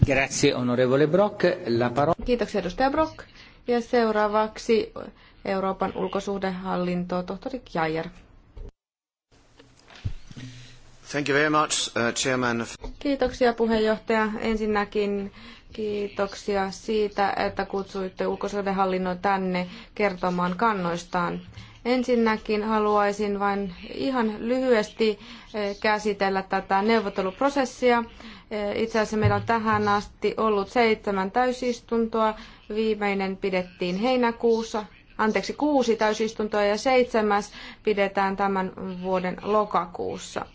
Grazie, onorevole Brock. La parola. Kiitoksia, edustaja Brock. Ja seuraavaksi Euroopan ulkosuhdehallinto, tohtori Jair. Thank you very much, uh, chairman. Kiitoksia puheenjohtaja. Ensinnäkin kiitoksia siitä, että kutsuitte ulkosuhdehallinnon tänne kertomaan kannoistaan. Ensinnäkin haluaisin vain ihan lyhyesti eh, käsitellä tätä neuvotteluprosessia itse asiassa meillä on tähän asti ollut seitsemän täysistuntoa. Viimeinen pidettiin heinäkuussa, anteeksi kuusi täysistuntoa ja seitsemäs pidetään tämän vuoden lokakuussa.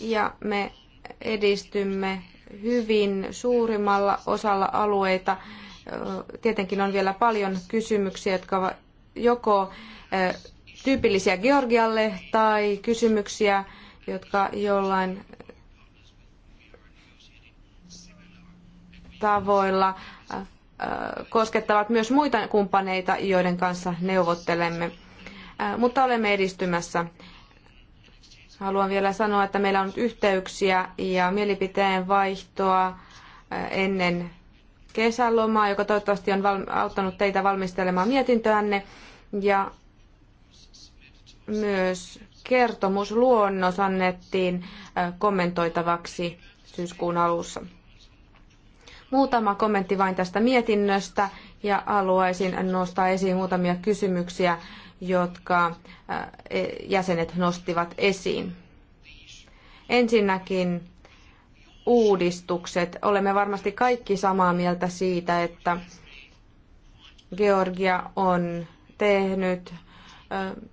Ja me edistymme hyvin suurimmalla osalla alueita. Tietenkin on vielä paljon kysymyksiä, jotka joko tyypillisiä Georgialle tai kysymyksiä, jotka jollain tavoilla äh, äh, koskettavat myös muita kumppaneita, joiden kanssa neuvottelemme. Äh, mutta olemme edistymässä. Haluan vielä sanoa, että meillä on nyt yhteyksiä ja mielipiteen vaihtoa ennen kesälomaa, joka toivottavasti on auttanut teitä valmistelemaan mietintöänne. Ja myös kertomusluonnos annettiin kommentoitavaksi syyskuun alussa. Muutama kommentti vain tästä mietinnöstä ja haluaisin nostaa esiin muutamia kysymyksiä, jotka e, jäsenet nostivat esiin. Ensinnäkin uudistukset. Olemme varmasti kaikki samaa mieltä siitä, että Georgia on tehnyt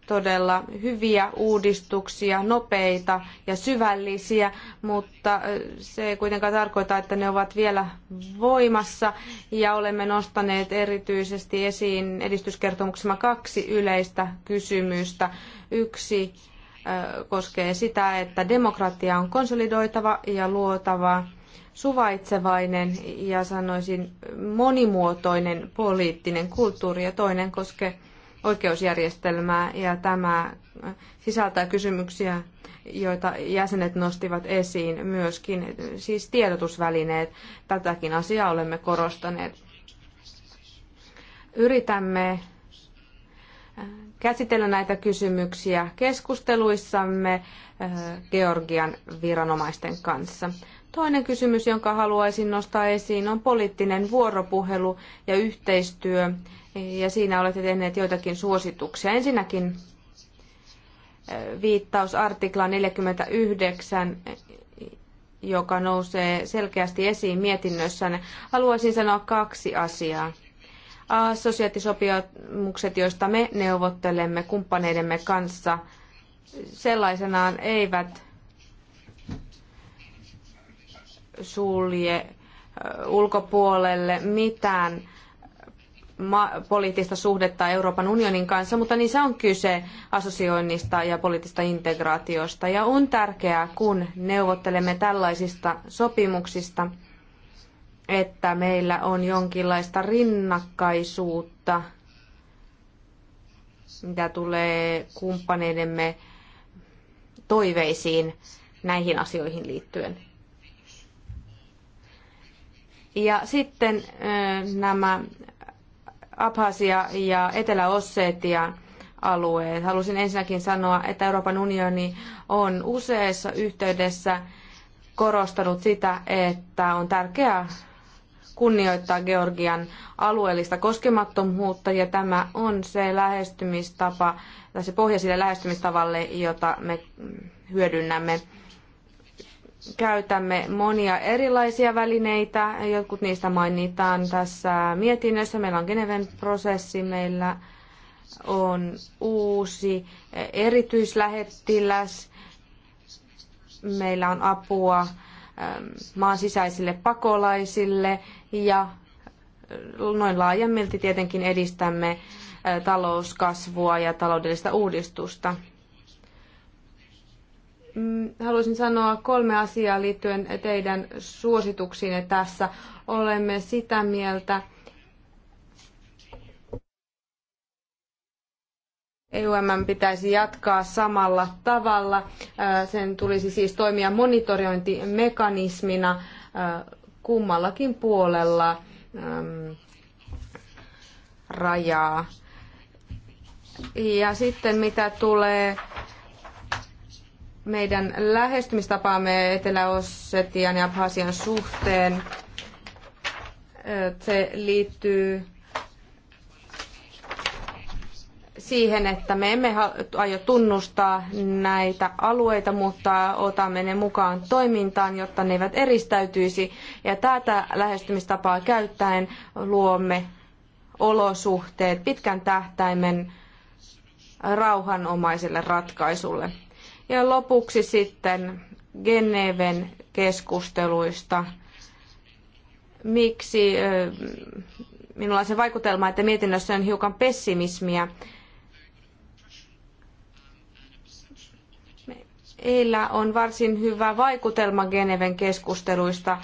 todella hyviä uudistuksia, nopeita ja syvällisiä, mutta se ei kuitenkaan tarkoita, että ne ovat vielä voimassa ja olemme nostaneet erityisesti esiin edistyskertomuksessa kaksi yleistä kysymystä. Yksi koskee sitä, että demokratia on konsolidoitava ja luotava suvaitsevainen ja sanoisin monimuotoinen poliittinen kulttuuri ja toinen koskee oikeusjärjestelmää ja tämä sisältää kysymyksiä, joita jäsenet nostivat esiin myöskin, siis tiedotusvälineet. Tätäkin asiaa olemme korostaneet. Yritämme äh, käsitellä näitä kysymyksiä keskusteluissamme äh, Georgian viranomaisten kanssa. Toinen kysymys, jonka haluaisin nostaa esiin, on poliittinen vuoropuhelu ja yhteistyö ja siinä olette tehneet joitakin suosituksia. Ensinnäkin viittaus artikla 49, joka nousee selkeästi esiin mietinnössänne. Haluaisin sanoa kaksi asiaa. Assosiaatisopimukset, joista me neuvottelemme kumppaneidemme kanssa, sellaisenaan eivät sulje ulkopuolelle mitään poliittista suhdetta Euroopan unionin kanssa, mutta niissä on kyse assosioinnista ja poliittisesta integraatiosta. Ja on tärkeää, kun neuvottelemme tällaisista sopimuksista, että meillä on jonkinlaista rinnakkaisuutta, mitä tulee kumppaneidemme toiveisiin näihin asioihin liittyen. Ja sitten nämä Abhasia ja etelä ossetia alueet. Halusin ensinnäkin sanoa, että Euroopan unioni on useassa yhteydessä korostanut sitä, että on tärkeää kunnioittaa Georgian alueellista koskemattomuutta ja tämä on se lähestymistapa tai se pohja sille lähestymistavalle, jota me hyödynnämme käytämme monia erilaisia välineitä. Jotkut niistä mainitaan tässä mietinnössä. Meillä on Geneven prosessi, meillä on uusi erityislähettiläs, meillä on apua maan sisäisille pakolaisille ja noin laajemmilti tietenkin edistämme talouskasvua ja taloudellista uudistusta. Mm, haluaisin sanoa kolme asiaa liittyen teidän suosituksiinne tässä. Olemme sitä mieltä, EUM pitäisi jatkaa samalla tavalla. Sen tulisi siis toimia monitorointimekanismina kummallakin puolella rajaa. Ja sitten mitä tulee meidän lähestymistapaamme Etelä-Ossetian ja Abhasian suhteen. Se liittyy siihen, että me emme aio tunnustaa näitä alueita, mutta otamme ne mukaan toimintaan, jotta ne eivät eristäytyisi. Ja tätä lähestymistapaa käyttäen luomme olosuhteet pitkän tähtäimen rauhanomaiselle ratkaisulle. Ja lopuksi sitten Geneven keskusteluista. Miksi minulla on se vaikutelma, että mietinnössä on hiukan pessimismiä. Meillä on varsin hyvä vaikutelma Geneven keskusteluista.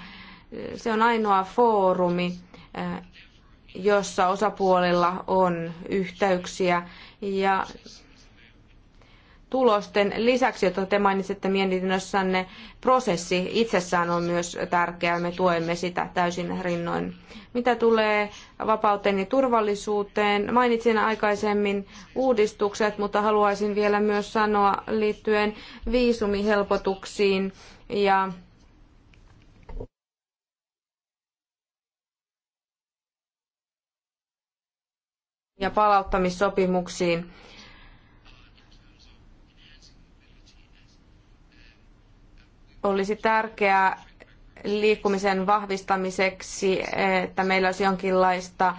Se on ainoa foorumi, jossa osapuolilla on yhteyksiä ja tulosten lisäksi, jota te mainitsette mietinnössänne, prosessi itsessään on myös tärkeä. Me tuemme sitä täysin rinnoin. Mitä tulee vapauteen ja turvallisuuteen, mainitsin aikaisemmin uudistukset, mutta haluaisin vielä myös sanoa liittyen viisumihelpotuksiin ja ja palauttamissopimuksiin. olisi tärkeää liikkumisen vahvistamiseksi, että meillä olisi jonkinlaista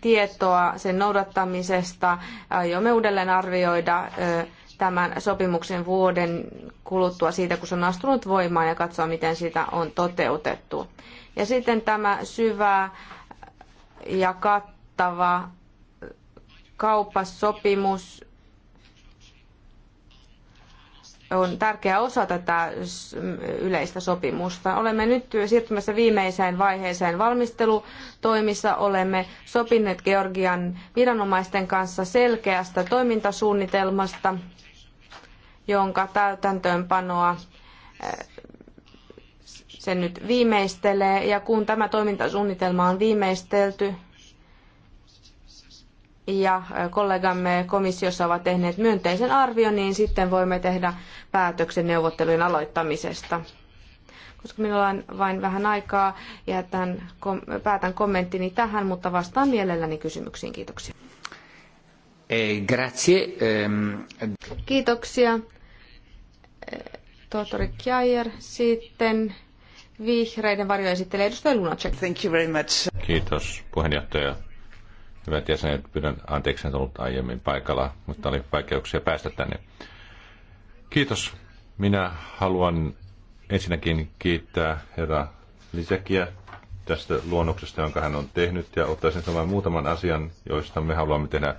tietoa sen noudattamisesta. Aiomme uudelleen arvioida tämän sopimuksen vuoden kuluttua siitä, kun se on astunut voimaan ja katsoa, miten sitä on toteutettu. Ja sitten tämä syvä ja kattava kauppasopimus on tärkeä osa tätä yleistä sopimusta. Olemme nyt siirtymässä viimeiseen vaiheeseen valmistelutoimissa. Olemme sopineet Georgian viranomaisten kanssa selkeästä toimintasuunnitelmasta, jonka täytäntöönpanoa äh, se nyt viimeistelee. Ja kun tämä toimintasuunnitelma on viimeistelty, ja kollegamme komissiossa ovat tehneet myönteisen arvion, niin sitten voimme tehdä päätöksen neuvottelujen aloittamisesta. Koska minulla on vain vähän aikaa, jätän, päätän kommenttini tähän, mutta vastaan mielelläni kysymyksiin. Kiitoksia. Eh, grazie. Ehm, Kiitoksia. Eh, tohtori Kjaer. Sitten vihreiden varjoesittelee edustaja Lunacek. Thank you very much. Kiitos puheenjohtaja Hyvät jäsenet, pyydän anteeksi, että ollut aiemmin paikalla, mutta oli vaikeuksia päästä tänne. Kiitos. Minä haluan ensinnäkin kiittää herra Lisekiä tästä luonnoksesta, jonka hän on tehnyt, ja ottaisin tämän muutaman asian, joista me haluamme tehdä ö,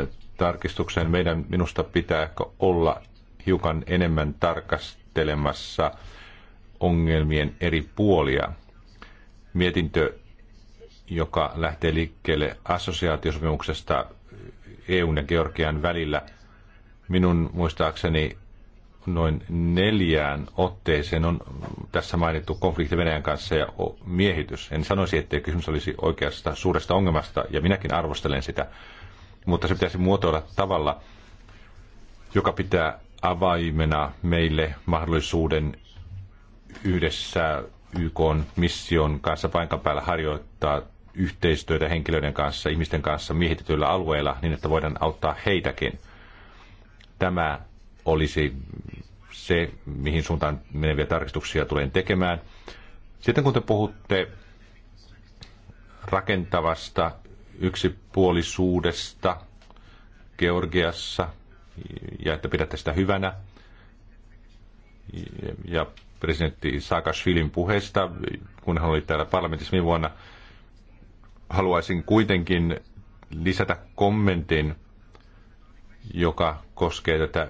äh, tarkistuksen. Meidän minusta pitää olla hiukan enemmän tarkastelemassa ongelmien eri puolia. Mietintö joka lähtee liikkeelle assosiaatiosopimuksesta EUn ja Georgian välillä. Minun muistaakseni noin neljään otteeseen on tässä mainittu konflikti Venäjän kanssa ja miehitys. En sanoisi, että kysymys olisi oikeasta suuresta ongelmasta, ja minäkin arvostelen sitä, mutta se pitäisi muotoilla tavalla, joka pitää avaimena meille mahdollisuuden yhdessä YK on mission kanssa paikan päällä harjoittaa yhteistyötä henkilöiden kanssa, ihmisten kanssa miehitetyillä alueilla niin, että voidaan auttaa heitäkin. Tämä olisi se, mihin suuntaan meneviä tarkistuksia tulen tekemään. Sitten kun te puhutte rakentavasta yksipuolisuudesta Georgiassa ja että pidätte sitä hyvänä, ja presidentti Saakashvilin puheesta, kun hän oli täällä parlamentissa viime vuonna, haluaisin kuitenkin lisätä kommentin, joka koskee tätä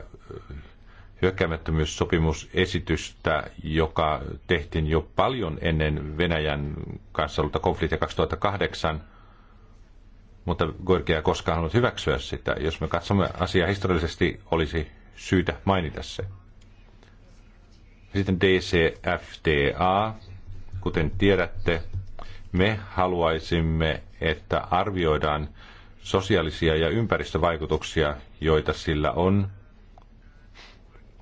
hyökkäämättömyyssopimusesitystä, joka tehtiin jo paljon ennen Venäjän kanssa ollut konfliktia 2008, mutta Gorgia ei koskaan halunnut hyväksyä sitä. Jos me katsomme asiaa historiallisesti, olisi syytä mainita se. Sitten DCFTA, kuten tiedätte, me haluaisimme, että arvioidaan sosiaalisia ja ympäristövaikutuksia, joita sillä on,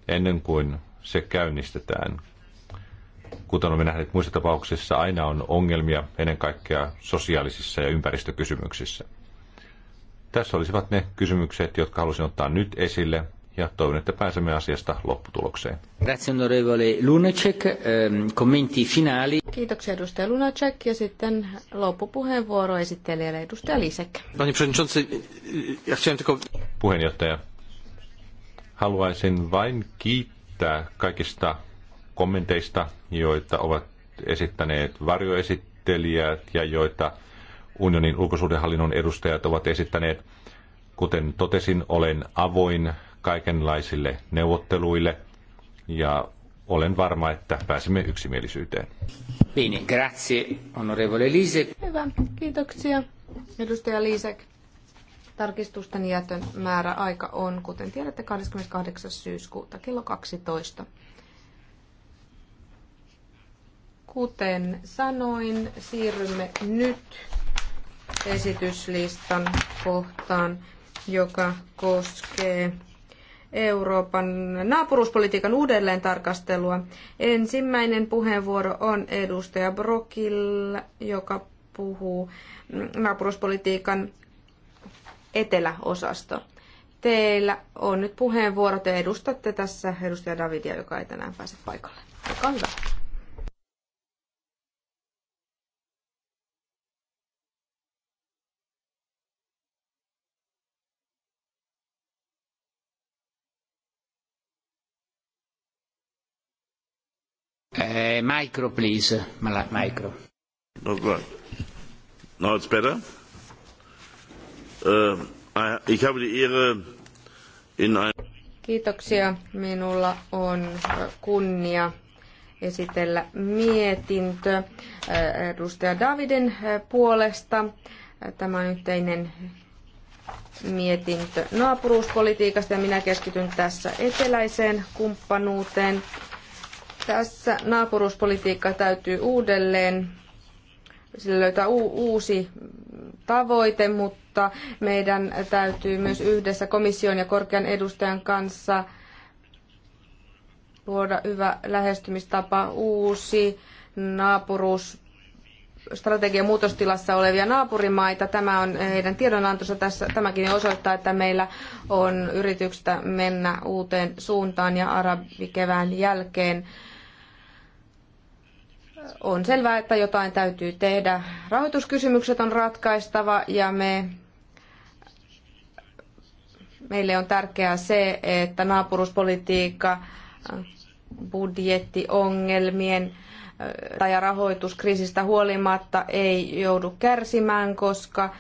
ennen kuin se käynnistetään. Kuten olemme nähneet muissa tapauksissa, aina on ongelmia ennen kaikkea sosiaalisissa ja ympäristökysymyksissä. Tässä olisivat ne kysymykset, jotka halusin ottaa nyt esille ja toivon, että pääsemme asiasta lopputulokseen. Grazie onorevole Lunacek. Kommentti ehm, finaali. Kiitoksia edustaja Lunacek ja sitten loppupuheenvuoro esittelijälle edustaja Lisek. Puheenjohtaja, haluaisin vain kiittää kaikista kommenteista, joita ovat esittäneet varjoesittelijät ja joita unionin ulkosuhdehallinnon edustajat ovat esittäneet. Kuten totesin, olen avoin kaikenlaisille neuvotteluille ja olen varma, että pääsemme yksimielisyyteen. Bene, grazie, onorevole Lise. Hyvä, kiitoksia. Edustaja Lisek, tarkistusten jätön määrä aika on, kuten tiedätte, 28. syyskuuta kello 12. Kuten sanoin, siirrymme nyt esityslistan kohtaan, joka koskee Euroopan naapuruuspolitiikan uudelleen tarkastelua. Ensimmäinen puheenvuoro on edustaja Brokilla, joka puhuu naapuruuspolitiikan eteläosasto. Teillä on nyt puheenvuoro. Te edustatte tässä edustaja Davidia, joka ei tänään pääse paikalle. Olkaa hyvä. Eh, micro, please. Micro. Oh, Now it's better. Uh, I, in Kiitoksia. Minulla on äh, kunnia esitellä mietintö äh, edustaja Daviden äh, puolesta. Tämä on yhteinen mietintö naapuruuspolitiikasta ja minä keskityn tässä eteläiseen kumppanuuteen. Tässä naapuruuspolitiikka täytyy uudelleen sille löytää uusi tavoite, mutta meidän täytyy myös yhdessä komission ja korkean edustajan kanssa luoda hyvä lähestymistapa uusi naapuruus strategian muutostilassa olevia naapurimaita. Tämä on heidän tiedonantonsa tässä. Tämäkin osoittaa, että meillä on yritystä mennä uuteen suuntaan ja arabikevään jälkeen on selvää, että jotain täytyy tehdä. Rahoituskysymykset on ratkaistava ja me, meille on tärkeää se, että naapuruspolitiikka, budjettiongelmien äh, tai rahoituskriisistä huolimatta ei joudu kärsimään, koska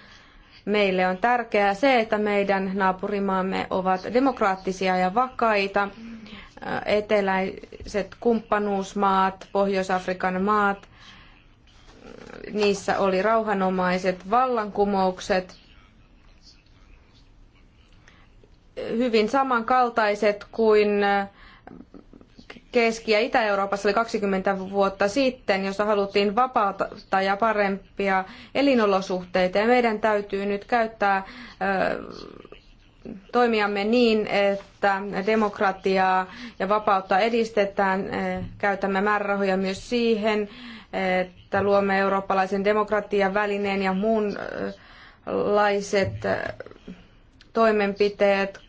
meille on tärkeää se, että meidän naapurimaamme ovat demokraattisia ja vakaita eteläiset kumppanuusmaat, Pohjois-Afrikan maat, niissä oli rauhanomaiset vallankumoukset, hyvin samankaltaiset kuin Keski- ja Itä-Euroopassa oli 20 vuotta sitten, jossa haluttiin vapaata ja parempia elinolosuhteita. Ja meidän täytyy nyt käyttää toimiamme niin, että demokratiaa ja vapautta edistetään. Eh, käytämme määrärahoja myös siihen, että luomme eurooppalaisen demokratian välineen ja muunlaiset eh, toimenpiteet,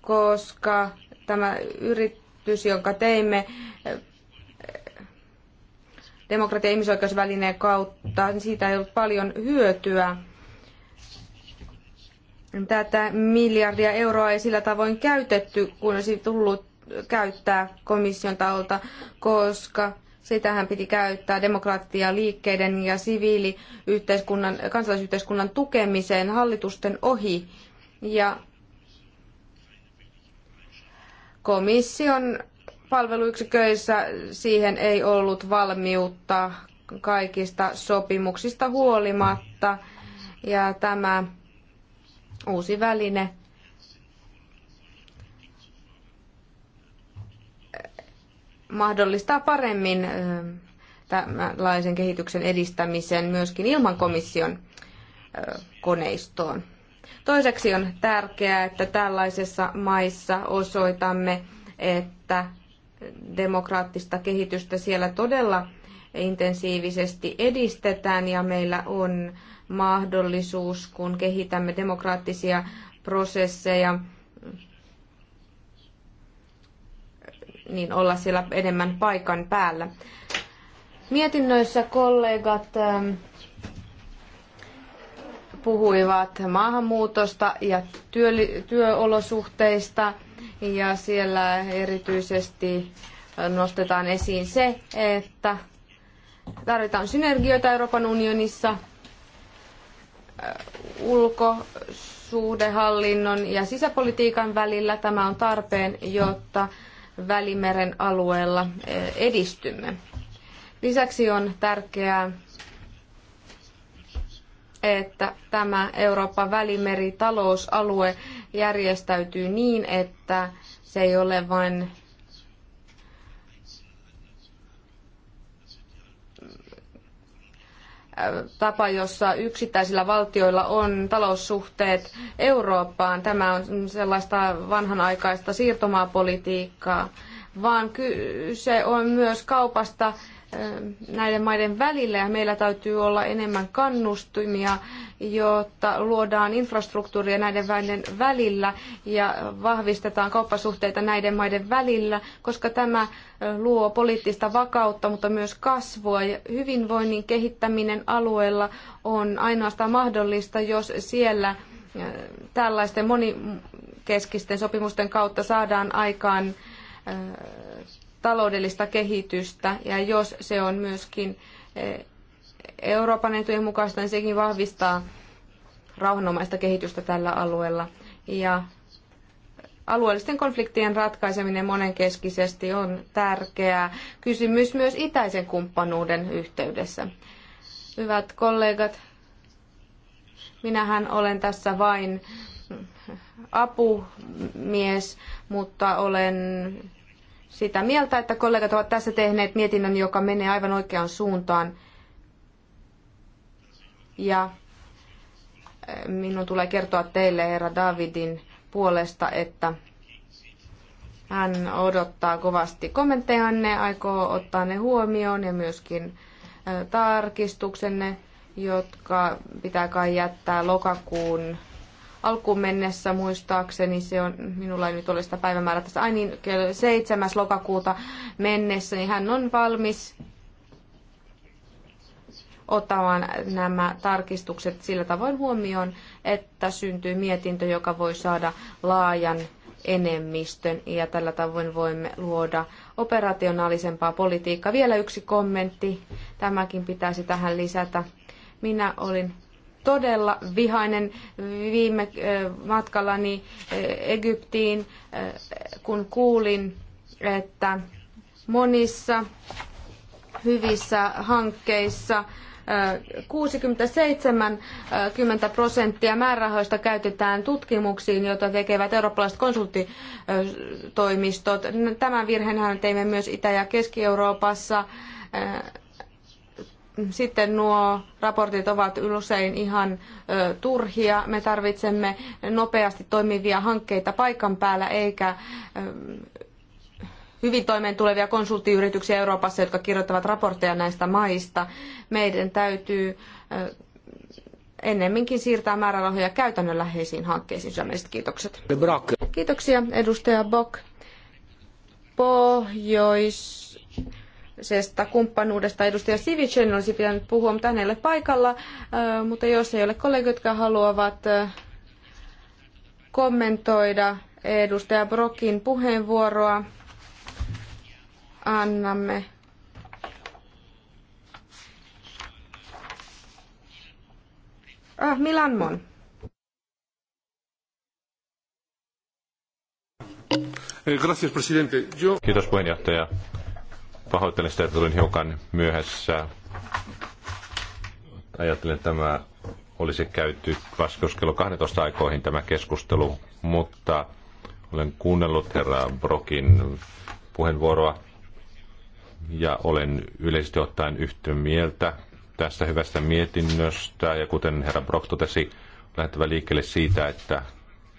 koska tämä yritys, jonka teimme eh, demokratia- ja ihmisoikeusvälineen kautta, niin siitä ei ollut paljon hyötyä tätä miljardia euroa ei sillä tavoin käytetty, kun olisi tullut käyttää komission taholta, koska sitähän piti käyttää demokraattia liikkeiden ja siviiliyhteiskunnan, kansalaisyhteiskunnan tukemiseen hallitusten ohi. Ja komission palveluyksiköissä siihen ei ollut valmiutta kaikista sopimuksista huolimatta. Ja tämä uusi väline mahdollistaa paremmin tällaisen kehityksen edistämisen myöskin ilman komission koneistoon. Toiseksi on tärkeää, että tällaisessa maissa osoitamme, että demokraattista kehitystä siellä todella intensiivisesti edistetään ja meillä on mahdollisuus, kun kehitämme demokraattisia prosesseja, niin olla siellä enemmän paikan päällä. Mietinnöissä kollegat ähm, puhuivat maahanmuutosta ja työolosuhteista ja siellä erityisesti äh, nostetaan esiin se, että tarvitaan synergioita Euroopan unionissa ulkosuhdehallinnon ja sisäpolitiikan välillä. Tämä on tarpeen, jotta Välimeren alueella e, edistymme. Lisäksi on tärkeää, että tämä Euroopan välimeri talousalue järjestäytyy niin, että se ei ole vain tapa, jossa yksittäisillä valtioilla on taloussuhteet Eurooppaan. Tämä on sellaista vanhanaikaista siirtomaapolitiikkaa, vaan kyse on myös kaupasta näiden maiden välillä ja meillä täytyy olla enemmän kannustimia, jotta luodaan infrastruktuuria näiden maiden välillä ja vahvistetaan kauppasuhteita näiden maiden välillä, koska tämä luo poliittista vakautta, mutta myös kasvua. Ja hyvinvoinnin kehittäminen alueella on ainoastaan mahdollista, jos siellä tällaisten monikeskisten sopimusten kautta saadaan aikaan taloudellista kehitystä ja jos se on myöskin eh, Euroopan etujen mukaista, niin sekin vahvistaa rauhanomaista kehitystä tällä alueella. Ja alueellisten konfliktien ratkaiseminen monenkeskisesti on tärkeää kysymys myös itäisen kumppanuuden yhteydessä. Hyvät kollegat, minähän olen tässä vain apumies, mutta olen sitä mieltä, että kollegat ovat tässä tehneet mietinnön, joka menee aivan oikeaan suuntaan. Ja eh, minun tulee kertoa teille herra Davidin puolesta, että hän odottaa kovasti kommenttejanne, aikoo ottaa ne huomioon ja myöskin eh, tarkistuksenne, jotka pitää kai jättää lokakuun alkuun mennessä muistaakseni, se on, minulla ei nyt ole sitä päivämäärää tässä, ai niin, 7. lokakuuta mennessä, niin hän on valmis ottamaan nämä tarkistukset sillä tavoin huomioon, että syntyy mietintö, joka voi saada laajan enemmistön ja tällä tavoin voimme luoda operationaalisempaa politiikkaa. Vielä yksi kommentti, tämäkin pitäisi tähän lisätä. Minä olin todella vihainen viime matkallani Egyptiin, kun kuulin, että monissa hyvissä hankkeissa 67 prosenttia määrärahoista käytetään tutkimuksiin, joita tekevät eurooppalaiset konsulttitoimistot. Tämän virheenhän teimme myös Itä- ja Keski-Euroopassa sitten nuo raportit ovat usein ihan ö, turhia. Me tarvitsemme nopeasti toimivia hankkeita paikan päällä eikä ö, hyvin tulevia konsulttiyrityksiä Euroopassa, jotka kirjoittavat raportteja näistä maista. Meidän täytyy ö, ennemminkin siirtää määrärahoja käytännönläheisiin hankkeisiin. Sydämelliset kiitokset. Kiitoksia edustaja Bock. Pohjois sesta kumppanuudesta edustaja Sivicen olisi pitänyt puhua, mutta hän ei ole paikalla. Mutta jos ei ole kollegoja, jotka haluavat kommentoida edustaja Brokin puheenvuoroa, annamme Ah, Milan Mon. Eh, Kiitos puheenjohtaja. Pahoittelen sitä, että tulin hiukan myöhässä. Ajattelen, että tämä olisi käyty vastaus kello 12 aikoihin tämä keskustelu, mutta olen kuunnellut herra Brokin puheenvuoroa ja olen yleisesti ottaen yhtä mieltä tästä hyvästä mietinnöstä. Ja kuten herra Brok totesi, lähtevä liikkeelle siitä, että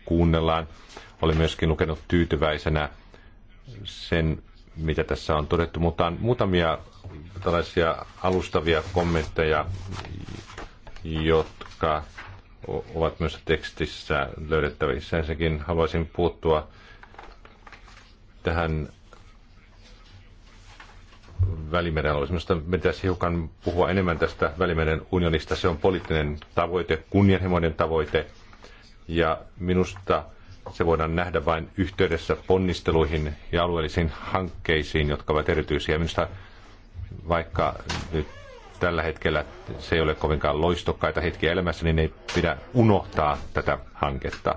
kuunnellaan. Olen myöskin lukenut tyytyväisenä sen mitä tässä on todettu, mutta on muutamia tällaisia alustavia kommentteja, jotka ovat myös tekstissä löydettävissä. Ensinnäkin haluaisin puuttua tähän Välimeren alueeseen. Minusta me pitäisi hiukan puhua enemmän tästä Välimeren unionista. Se on poliittinen tavoite, kunnianhimoinen tavoite. Ja minusta se voidaan nähdä vain yhteydessä ponnisteluihin ja alueellisiin hankkeisiin, jotka ovat erityisiä. Minusta vaikka nyt tällä hetkellä se ei ole kovinkaan loistokkaita hetkiä elämässä, niin ei pidä unohtaa tätä hanketta.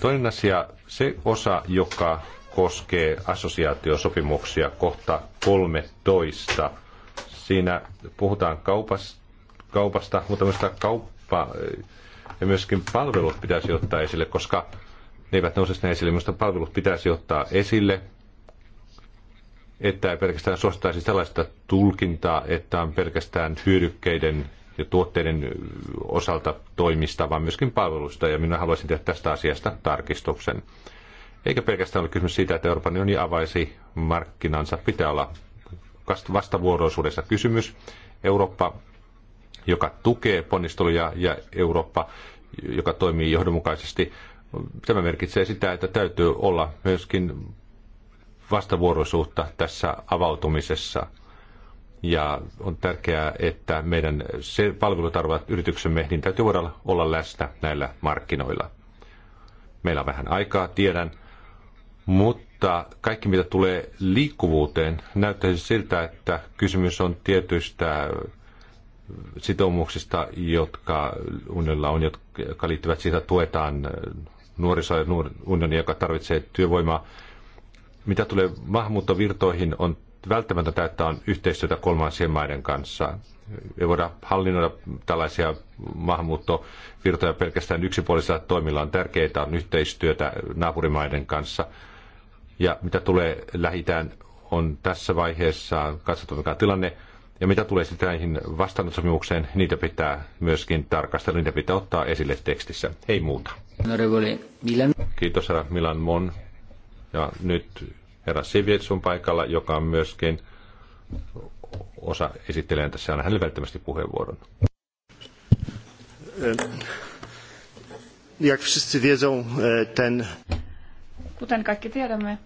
Toinen asia, se osa, joka koskee assosiaatiosopimuksia kohta 13. Siinä puhutaan kaupasta, kaupasta mutta myös kauppa ja myöskin palvelut pitäisi ottaa esille, koska ne eivät nouse sinne esille. Minusta palvelut pitäisi ottaa esille, että ei pelkästään suosittaisi sellaista tulkintaa, että on pelkästään hyödykkeiden ja tuotteiden osalta toimista, vaan myöskin palveluista, ja minä haluaisin tehdä tästä asiasta tarkistuksen. Eikä pelkästään ole kysymys siitä, että Euroopan unioni avaisi markkinansa. Pitää olla vastavuoroisuudessa kysymys. Eurooppa joka tukee ponnisteluja ja Eurooppa, joka toimii johdonmukaisesti. Tämä merkitsee sitä, että täytyy olla myöskin vastavuoroisuutta tässä avautumisessa. Ja on tärkeää, että meidän se palvelutarvat yrityksemme, niin täytyy voida olla läsnä näillä markkinoilla. Meillä on vähän aikaa, tiedän, mutta kaikki mitä tulee liikkuvuuteen, näyttäisi siltä, että kysymys on tietyistä sitoumuksista, jotka unionilla on, jotka liittyvät siitä, että tuetaan äh, nuoriso- ja unionia, joka tarvitsee työvoimaa. Mitä tulee maahanmuuttovirtoihin, on välttämätöntä, että on yhteistyötä kolmansien maiden kanssa. Ei voida hallinnoida tällaisia maahanmuuttovirtoja pelkästään yksipuolisilla toimilla. On tärkeää on yhteistyötä naapurimaiden kanssa. Ja mitä tulee lähitään, on tässä vaiheessa, katsotaan mikä tilanne, ja mitä tulee sitten näihin vastaanottosopimukseen, niitä pitää myöskin tarkastella, niitä pitää ottaa esille tekstissä. Ei muuta. Kiitos herra Milan Mon. Ja nyt herra Sivjets on paikalla, joka on myöskin osa esittelee tässä aina hänelle välttämättä puheenvuoron. E, Kuten kaikki tiedämme,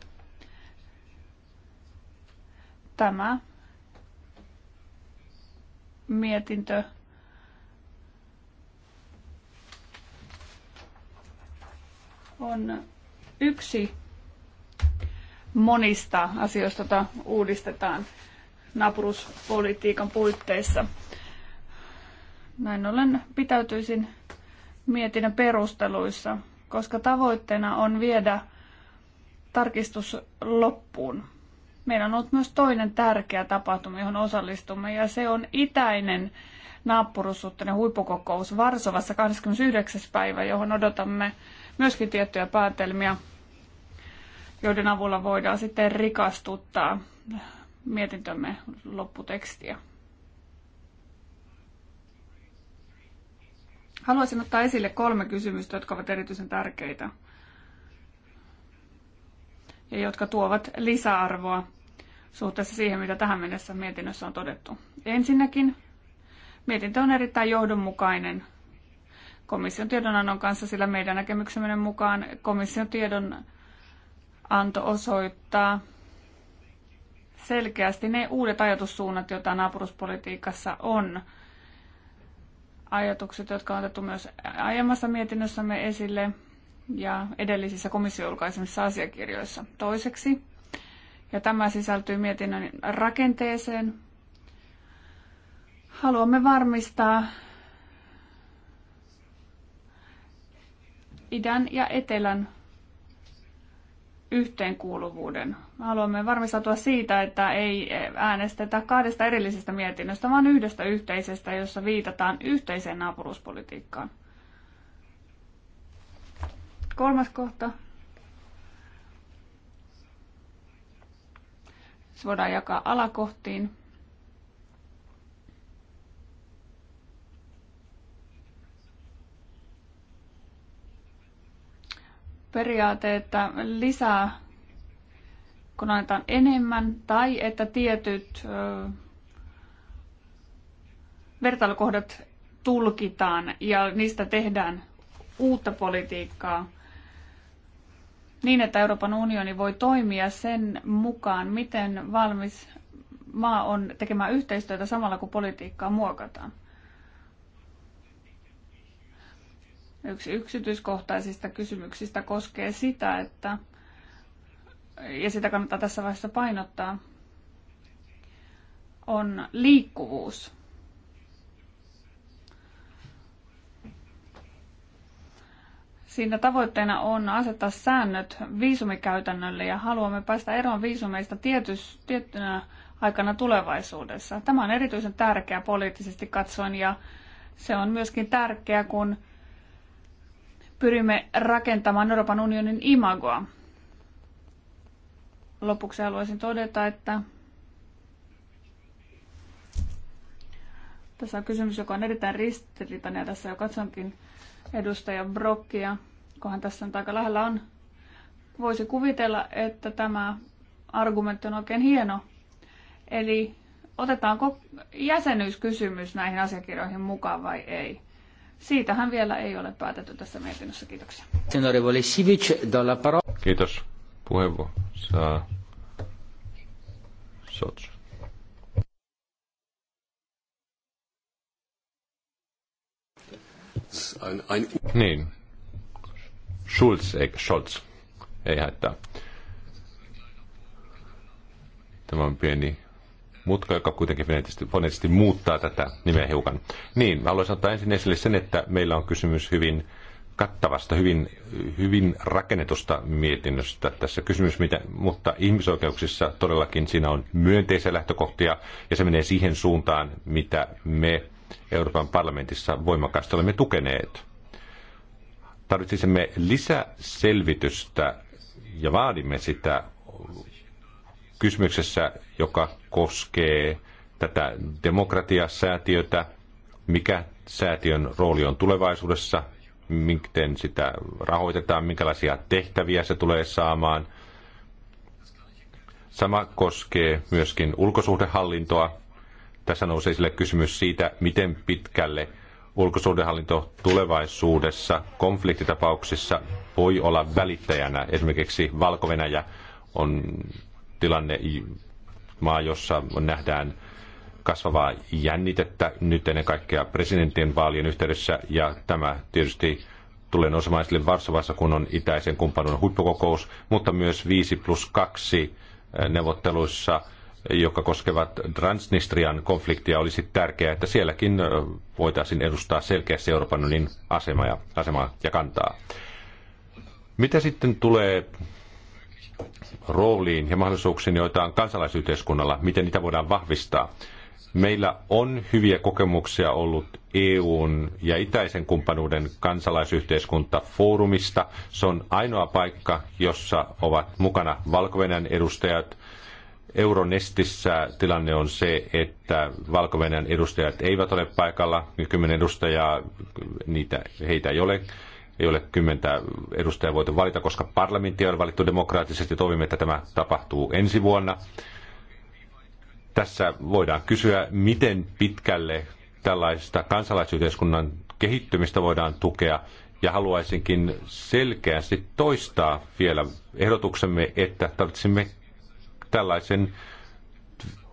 tämä mietintö. On yksi monista asioista, joita uudistetaan napuruspolitiikan puitteissa. Näin ollen pitäytyisin mietinnön perusteluissa, koska tavoitteena on viedä tarkistus loppuun. Meillä on ollut myös toinen tärkeä tapahtuma, johon osallistumme, ja se on itäinen naapurussuhteinen huippukokous Varsovassa 29. päivä, johon odotamme myöskin tiettyjä päätelmiä, joiden avulla voidaan sitten rikastuttaa mietintömme lopputekstiä. Haluaisin ottaa esille kolme kysymystä, jotka ovat erityisen tärkeitä ja jotka tuovat lisäarvoa suhteessa siihen, mitä tähän mennessä mietinnössä on todettu. Ensinnäkin mietintö on erittäin johdonmukainen komission tiedonannon kanssa, sillä meidän näkemyksemme mukaan komission tiedonanto osoittaa selkeästi ne uudet ajatussuunnat, joita naapuruspolitiikassa on. Ajatukset, jotka on otettu myös aiemmassa mietinnössämme esille ja edellisissä komission asiakirjoissa. Toiseksi ja tämä sisältyy mietinnön rakenteeseen. Haluamme varmistaa idän ja etelän yhteenkuuluvuuden. Haluamme varmistautua siitä, että ei äänestetä kahdesta erillisestä mietinnöstä, vaan yhdestä yhteisestä, jossa viitataan yhteiseen naapuruuspolitiikkaan. Kolmas kohta Se voidaan jakaa alakohtiin. Periaate, että lisää kun annetaan enemmän tai että tietyt ö, vertailukohdat tulkitaan ja niistä tehdään uutta politiikkaa niin, että Euroopan unioni voi toimia sen mukaan, miten valmis maa on tekemään yhteistyötä samalla, kun politiikkaa muokataan. Yksi yksityiskohtaisista kysymyksistä koskee sitä, että, ja sitä kannattaa tässä vaiheessa painottaa, on liikkuvuus Siinä tavoitteena on asettaa säännöt viisumikäytännölle ja haluamme päästä eroon viisumeista tietys, tiettynä aikana tulevaisuudessa. Tämä on erityisen tärkeää poliittisesti katsoen ja se on myöskin tärkeää, kun pyrimme rakentamaan Euroopan unionin imagoa. Lopuksi haluaisin todeta, että tässä on kysymys, joka on erittäin ristiriitainen ja tässä jo katsonkin edustaja Brokkia, kohan tässä nyt aika lähellä on. Voisi kuvitella, että tämä argumentti on oikein hieno. Eli otetaanko jäsenyyskysymys näihin asiakirjoihin mukaan vai ei? Siitähän vielä ei ole päätetty tässä mietinnössä. Kiitoksia. Kiitos. Puheenvuoro saa Sotsu. Ein, ein... Niin. Schulz, ei, Scholz. Ei haittaa. Tämä on pieni mutka, joka kuitenkin fonetisesti foneettisesti muuttaa tätä nimeä hiukan. Niin, haluaisin ottaa ensin esille sen, että meillä on kysymys hyvin kattavasta, hyvin, hyvin rakennetusta mietinnöstä tässä kysymys, mitä, mutta ihmisoikeuksissa todellakin siinä on myönteisiä lähtökohtia ja se menee siihen suuntaan, mitä me Euroopan parlamentissa voimakkaasti olemme tukeneet. Tarvitsisimme lisäselvitystä ja vaadimme sitä kysymyksessä, joka koskee tätä demokratiasäätiötä, mikä säätiön rooli on tulevaisuudessa, miten sitä rahoitetaan, minkälaisia tehtäviä se tulee saamaan. Sama koskee myöskin ulkosuhdehallintoa. Tässä nousee esille kysymys siitä, miten pitkälle ulkosuhdehallinto tulevaisuudessa konfliktitapauksissa voi olla välittäjänä. Esimerkiksi valko on tilanne maa, jossa nähdään kasvavaa jännitettä nyt ennen kaikkea presidentin vaalien yhteydessä, ja tämä tietysti tulee nousemaan esille Varsovassa, kun on itäisen kumppanuuden huippukokous, mutta myös 5 plus 2 neuvotteluissa – jotka koskevat Transnistrian konfliktia, olisi tärkeää, että sielläkin voitaisiin edustaa selkeästi Euroopan unionin asemaa ja, asemaa ja kantaa. Mitä sitten tulee rooliin ja mahdollisuuksiin, joita on kansalaisyhteiskunnalla, miten niitä voidaan vahvistaa? Meillä on hyviä kokemuksia ollut EUn ja itäisen kumppanuuden kansalaisyhteiskuntafoorumista. Se on ainoa paikka, jossa ovat mukana valko edustajat, Euronestissä tilanne on se, että valko edustajat eivät ole paikalla. Kymmenen edustajaa, niitä, heitä ei ole. Ei ole kymmentä edustajaa voitu valita, koska parlamentti on valittu demokraattisesti. Toivomme, että tämä tapahtuu ensi vuonna. Tässä voidaan kysyä, miten pitkälle tällaista kansalaisyhteiskunnan kehittymistä voidaan tukea. Ja haluaisinkin selkeästi toistaa vielä ehdotuksemme, että tarvitsemme tällaisen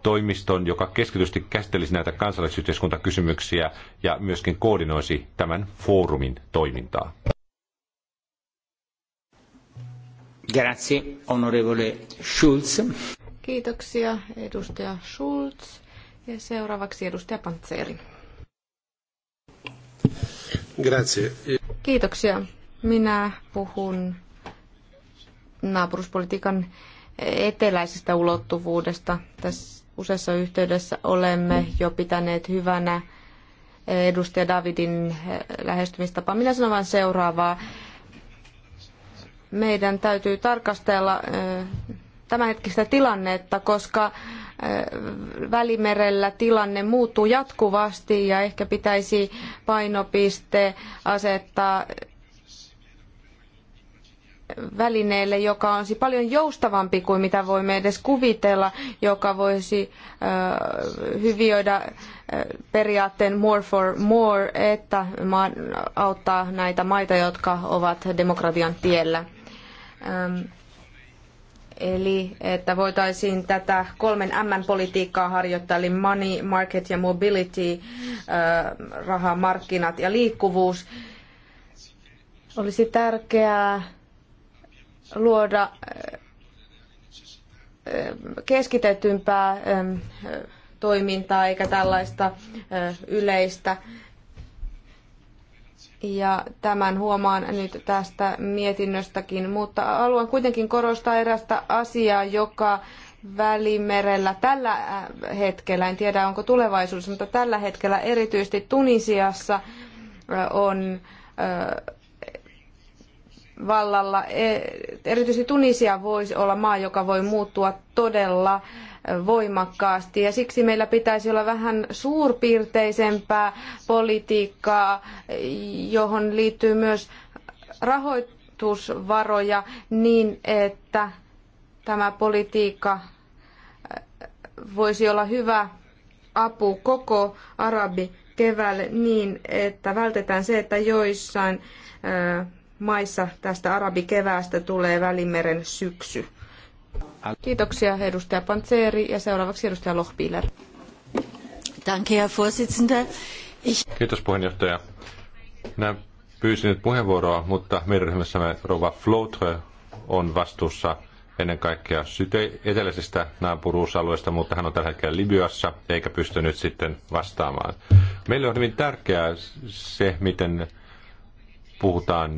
toimiston, joka keskitysti käsittelisi näitä kansalaisyhteiskuntakysymyksiä ja myöskin koordinoisi tämän foorumin toimintaa. Grazie, onorevole Schulz. Kiitoksia, edustaja Schulz. Ja seuraavaksi edustaja Pantseri. Grazie. Kiitoksia. Minä puhun naapuruspolitiikan eteläisestä ulottuvuudesta. Tässä useassa yhteydessä olemme jo pitäneet hyvänä eh, edustaja Davidin eh, lähestymistapaa. Minä sanon vain seuraavaa. Meidän täytyy tarkastella eh, tämänhetkistä tilannetta, koska Välimerellä tilanne muuttuu jatkuvasti ja ehkä pitäisi painopiste asettaa välineelle, joka on siis paljon joustavampi kuin mitä voimme edes kuvitella, joka voisi hyvioida periaatteen more for more, että auttaa näitä maita, jotka ovat demokratian tiellä. Eli että voitaisiin tätä kolmen M-politiikkaa harjoittaa, eli money, market ja mobility, rahamarkkinat ja liikkuvuus. Olisi tärkeää luoda keskitetympää toimintaa eikä tällaista yleistä. Ja tämän huomaan nyt tästä mietinnöstäkin, mutta haluan kuitenkin korostaa erästä asiaa, joka Välimerellä tällä hetkellä, en tiedä onko tulevaisuudessa, mutta tällä hetkellä erityisesti Tunisiassa on vallalla, e, erityisesti Tunisia voisi olla maa, joka voi muuttua todella voimakkaasti ja siksi meillä pitäisi olla vähän suurpiirteisempää politiikkaa, johon liittyy myös rahoitusvaroja niin, että tämä politiikka voisi olla hyvä apu koko arabi keväälle niin, että vältetään se, että joissain maissa tästä arabikeväästä tulee Välimeren syksy. Kiitoksia edustaja Panzeri ja seuraavaksi edustaja Lohpiler. Kiitos puheenjohtaja. Minä pyysin nyt puheenvuoroa, mutta meidän ryhmässämme Rova Flotre on vastuussa ennen kaikkea syte- eteläisestä naapuruusalueesta, mutta hän on tällä hetkellä Libyassa eikä pystynyt sitten vastaamaan. Meille on hyvin tärkeää se, miten puhutaan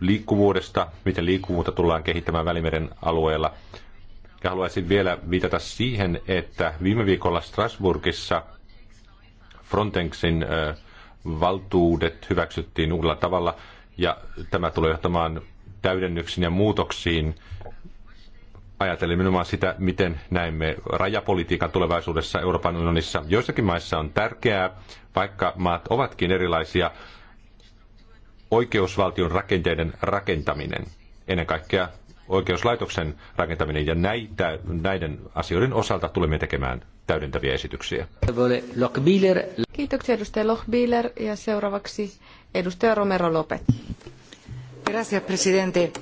liikkuvuudesta, miten liikkuvuutta tullaan kehittämään Välimeren alueella. Ja haluaisin vielä viitata siihen, että viime viikolla Strasburgissa Frontexin valtuudet hyväksyttiin uudella tavalla, ja tämä tulee johtamaan täydennyksiin ja muutoksiin. Ajatellen nimenomaan sitä, miten näemme rajapolitiikan tulevaisuudessa Euroopan unionissa. Joissakin maissa on tärkeää, vaikka maat ovatkin erilaisia, oikeusvaltion rakenteiden rakentaminen, ennen kaikkea oikeuslaitoksen rakentaminen, ja näitä, näiden asioiden osalta tulemme tekemään täydentäviä esityksiä. Kiitoksia edustaja Lochbieler ja seuraavaksi edustaja Romero Lopet. Gracias, presidente.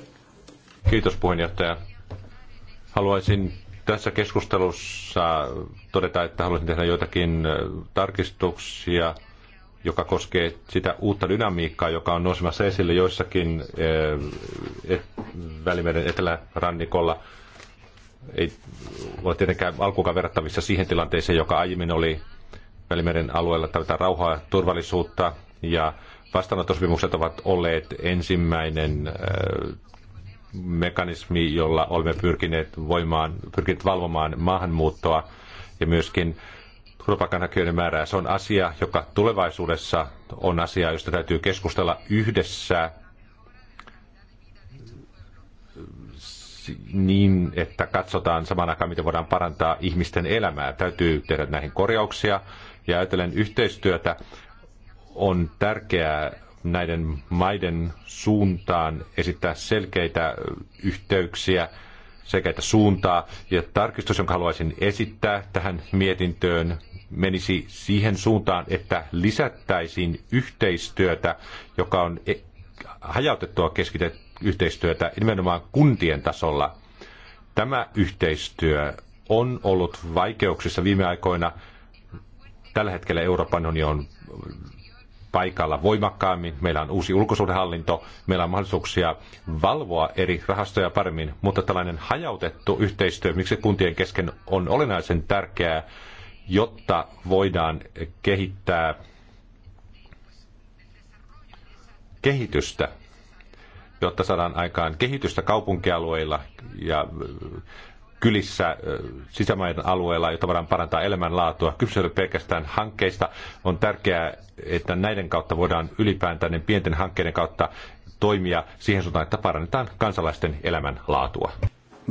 Kiitos puheenjohtaja. Haluaisin tässä keskustelussa todeta, että haluaisin tehdä joitakin äh, tarkistuksia joka koskee sitä uutta dynamiikkaa, joka on nousemassa esille joissakin eh, et, Välimeren etelärannikolla. Ei ole tietenkään alkuunkaan verrattavissa siihen tilanteeseen, joka aiemmin oli Välimeren alueella. Tarvitaan rauhaa ja turvallisuutta ja vastaanottosopimukset ovat olleet ensimmäinen eh, mekanismi, jolla olemme pyrkineet, voimaan, pyrkineet valvomaan maahanmuuttoa ja myöskin turvapaikanhakijoiden määrää. Se on asia, joka tulevaisuudessa on asia, josta täytyy keskustella yhdessä niin, että katsotaan samaan aikaan, miten voidaan parantaa ihmisten elämää. Täytyy tehdä näihin korjauksia ja ajatellen yhteistyötä on tärkeää näiden maiden suuntaan esittää selkeitä yhteyksiä – sekä että suuntaa. Ja tarkistus, jonka haluaisin esittää tähän mietintöön, menisi siihen suuntaan, että lisättäisiin yhteistyötä, joka on e- hajautettua keskitettyä yhteistyötä nimenomaan kuntien tasolla. Tämä yhteistyö on ollut vaikeuksissa viime aikoina. Tällä hetkellä Euroopan unioni on paikalla voimakkaammin, meillä on uusi ulkosuhdehallinto, meillä on mahdollisuuksia valvoa eri rahastoja paremmin, mutta tällainen hajautettu yhteistyö, miksi kuntien kesken on olennaisen tärkeää, jotta voidaan kehittää kehitystä, jotta saadaan aikaan kehitystä kaupunkialueilla ja kylissä sisämaiden alueella, jotta voidaan parantaa elämänlaatua. Kysymys ei pelkästään hankkeista. On tärkeää, että näiden kautta voidaan ylipäätään pienten hankkeiden kautta toimia siihen suuntaan, että parannetaan kansalaisten elämänlaatua.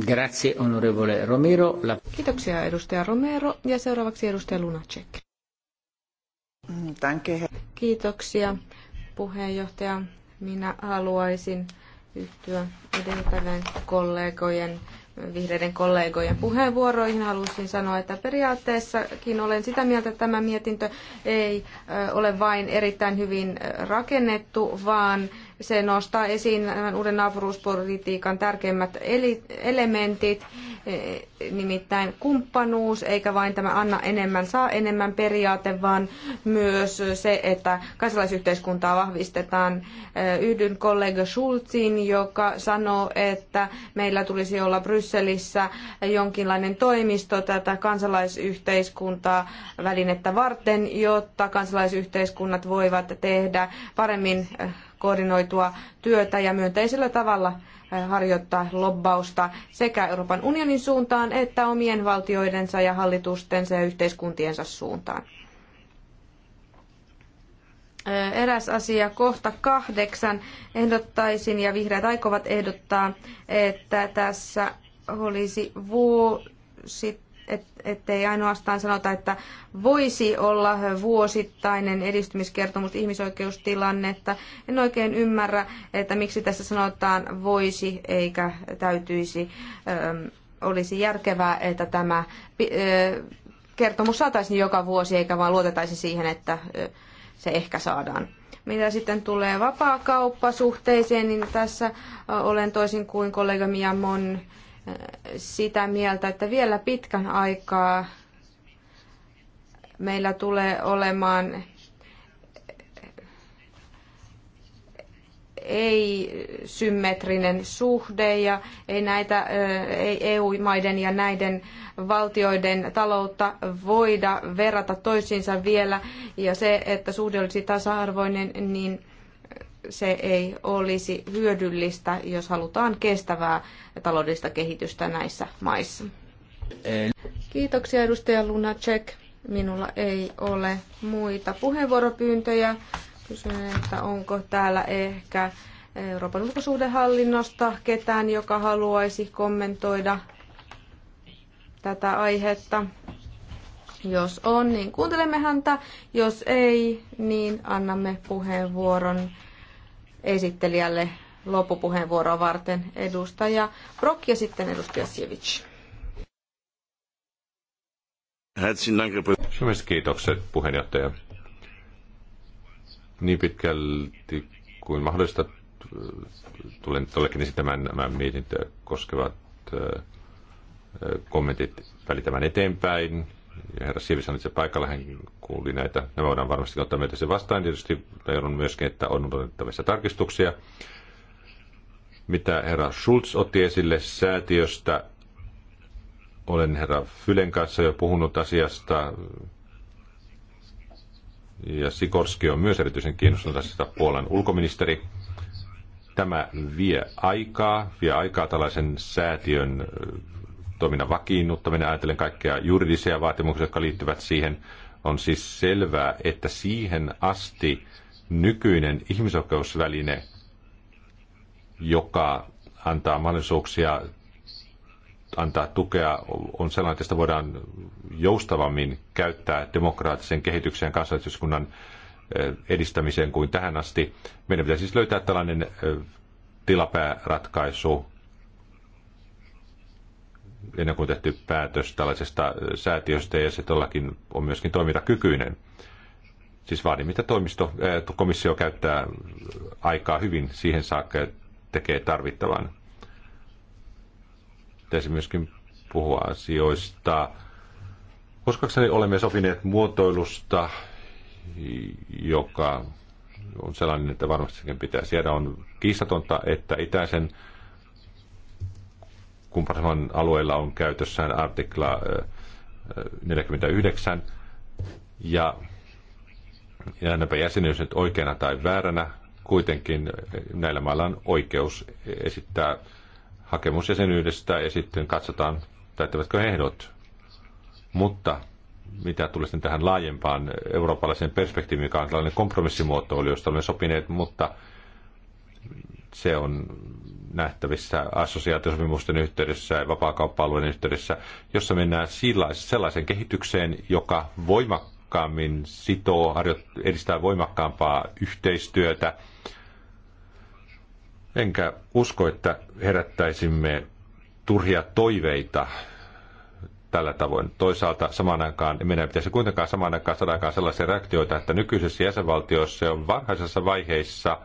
Grazie, onorevole Romero. La... Kiitoksia, edustaja Romero. Ja seuraavaksi edustaja Lunacek. Danke. Kiitoksia, puheenjohtaja. Minä haluaisin yhtyä edeltävän kollegojen vihreiden kollegojen puheenvuoroihin halusin sanoa, että periaatteessakin olen sitä mieltä, että tämä mietintö ei ole vain erittäin hyvin rakennettu, vaan se nostaa esiin uuden naapuruuspolitiikan tärkeimmät elementit, e, nimittäin kumppanuus, eikä vain tämä anna enemmän, saa enemmän periaate, vaan myös se, että kansalaisyhteiskuntaa vahvistetaan. E, yhdyn kollega Schulzin, joka sanoo, että meillä tulisi olla Brysselissä jonkinlainen toimisto tätä kansalaisyhteiskuntaa välinettä varten, jotta kansalaisyhteiskunnat voivat tehdä paremmin e, koordinoitua työtä ja myönteisellä tavalla eh, harjoittaa lobbausta sekä Euroopan unionin suuntaan että omien valtioidensa ja hallitustensa ja yhteiskuntiensa suuntaan. Eh, eräs asia, kohta kahdeksan, ehdottaisin ja vihreät aikovat ehdottaa, että tässä olisi vuosi et, ettei ainoastaan sanota, että voisi olla vuosittainen edistymiskertomus ihmisoikeustilannetta. En oikein ymmärrä, että miksi tässä sanotaan voisi eikä täytyisi. olisi järkevää, että tämä kertomus saataisiin joka vuosi, eikä vaan luotetaisi siihen, että se ehkä saadaan. Mitä sitten tulee vapaakauppasuhteeseen, niin tässä olen toisin kuin kollega Mia Mon sitä mieltä, että vielä pitkän aikaa meillä tulee olemaan ei-symmetrinen suhde ja ei näitä EU-maiden e ja näiden valtioiden taloutta voida verrata toisiinsa vielä. Ja se, että suhde olisi tasa-arvoinen, niin se ei olisi hyödyllistä, jos halutaan kestävää taloudellista kehitystä näissä maissa. Kiitoksia edustaja Lunacek. Minulla ei ole muita puheenvuoropyyntöjä. Kysyn, että onko täällä ehkä Euroopan ulkosuhdehallinnosta ketään, joka haluaisi kommentoida tätä aihetta. Jos on, niin kuuntelemme häntä. Jos ei, niin annamme puheenvuoron esittelijälle loppupuheenvuoroa varten edustaja Brock ja sitten edustaja Sievic. Herzlichen kiitokset puheenjohtaja. Niin pitkälti kuin mahdollista tulen tollekin esittämään nämä mietintöä koskevat kommentit välitämään eteenpäin herra Siivis on itse paikalla, hän kuuli näitä. Ne voidaan varmasti ottaa meitä se vastaan. Tietysti on myöskin, että on otettavissa tarkistuksia. Mitä herra Schulz otti esille säätiöstä, olen herra Fylen kanssa jo puhunut asiasta. Ja Sikorski on myös erityisen kiinnostunut asiasta Puolan ulkoministeri. Tämä vie aikaa, vie aikaa tällaisen säätiön toiminnan vakiinnuttaminen, ajatellen kaikkia juridisia vaatimuksia, jotka liittyvät siihen, on siis selvää, että siihen asti nykyinen ihmisoikeusväline, joka antaa mahdollisuuksia antaa tukea, on sellainen, että sitä voidaan joustavammin käyttää demokraattisen kehityksen ja kansalaisyhteiskunnan edistämiseen kuin tähän asti. Meidän pitäisi siis löytää tällainen tilapääratkaisu ennen kuin tehty päätös tällaisesta äh, säätiöstä ja se todellakin on myöskin toimintakykyinen. Siis vaadi, mitä toimisto, äh, komissio käyttää aikaa hyvin siihen saakka, ja tekee tarvittavan. Pitäisi myöskin puhua asioista. Koskakseni olemme sopineet muotoilusta, joka on sellainen, että varmasti pitäisi jäädä. On kiistatonta, että itäisen Kumpaan alueella on käytössään artikla 49, ja jäännäpä jäsenyys nyt oikeana tai vääränä, kuitenkin näillä mailla on oikeus esittää hakemus jäsenyydestä ja sitten katsotaan, täyttävätkö ehdot. Mutta mitä tulee sitten tähän laajempaan eurooppalaiseen perspektiiviin, joka on tällainen kompromissimuoto, josta olemme sopineet, mutta se on nähtävissä assosiaatiosopimusten yhteydessä ja vapaakauppa-alueen yhteydessä, jossa mennään sellaisen kehitykseen, joka voimakkaammin sitoo, edistää voimakkaampaa yhteistyötä. Enkä usko, että herättäisimme turhia toiveita tällä tavoin. Toisaalta samaan aikaan meidän pitäisi kuitenkaan samaan aikaan saada aikaan sellaisia reaktioita, että nykyisessä jäsenvaltioissa on varhaisessa vaiheessa –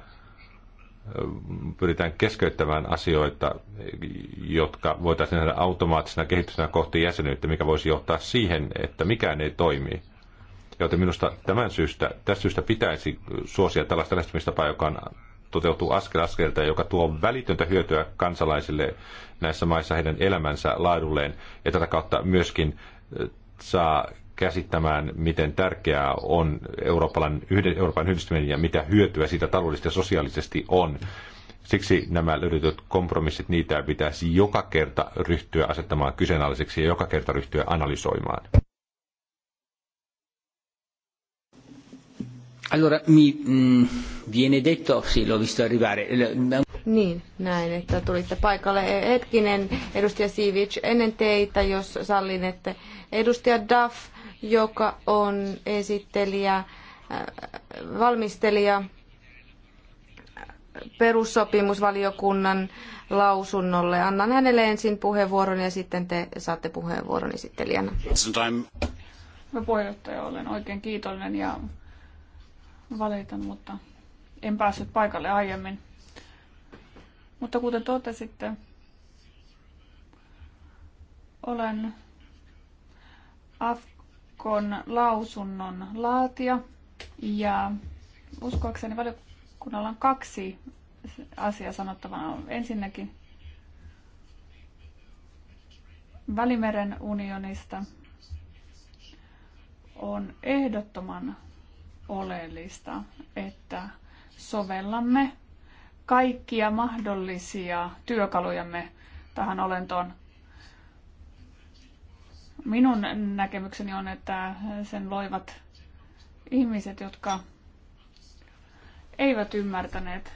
pyritään keskeyttämään asioita, jotka voitaisiin nähdä automaattisena kehityksenä kohti jäsenyyttä, mikä voisi johtaa siihen, että mikään ei toimi. Joten minusta tämän syystä, tästä syystä pitäisi suosia tällaista lähestymistapaa, joka on, toteutuu askel askelta, joka tuo välitöntä hyötyä kansalaisille näissä maissa heidän elämänsä laadulleen ja tätä kautta myöskin eh, saa käsittämään, miten tärkeää on Euroopan, Euroopan yhdistyminen ja mitä hyötyä siitä taloudellisesti ja sosiaalisesti on. Siksi nämä löydetyt kompromissit, niitä pitäisi joka kerta ryhtyä asettamaan kyseenalaiseksi ja joka kerta ryhtyä analysoimaan. Allora, mi mm, viene detto, sì, l'ho visto arrivare. Niin, näin, että tulitte paikalle. E, hetkinen, edustaja Sivic, ennen teitä, jos sallin, että edustaja Duff joka on esittelijä, äh, valmistelija perussopimusvaliokunnan lausunnolle. Annan hänelle ensin puheenvuoron ja sitten te saatte puheenvuoron esittelijänä. Mä puheenjohtaja, olen oikein kiitollinen ja valitan, mutta en päässyt paikalle aiemmin. Mutta kuten totesitte, olen Af- kirkon lausunnon laatia ja uskoakseni valiokunnalla on kaksi asiaa sanottavana. Ensinnäkin Välimeren unionista on ehdottoman oleellista, että sovellamme kaikkia mahdollisia työkalujamme tähän olentoon. Minun näkemykseni on, että sen loivat ihmiset, jotka eivät ymmärtäneet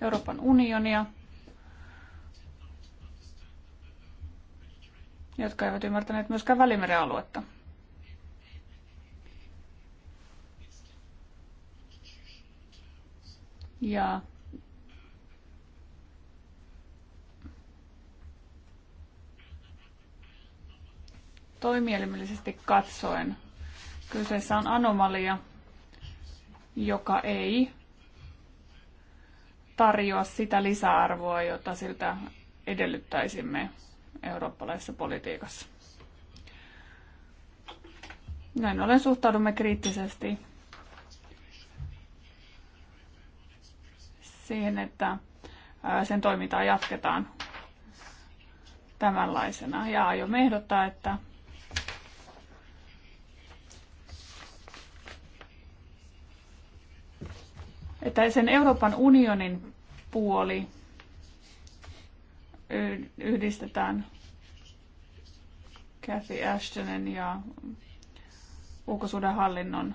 Euroopan unionia, jotka eivät ymmärtäneet myöskään Välimeren aluetta. Ja toimielimellisesti katsoen kyseessä on anomalia, joka ei tarjoa sitä lisäarvoa, jota siltä edellyttäisimme eurooppalaisessa politiikassa. Näin olen suhtaudumme kriittisesti siihen, että sen toimintaa jatketaan tämänlaisena. Ja aion ehdottaa, että että sen Euroopan unionin puoli yhdistetään Kathy Ashtonin ja ulkosuhdehallinnon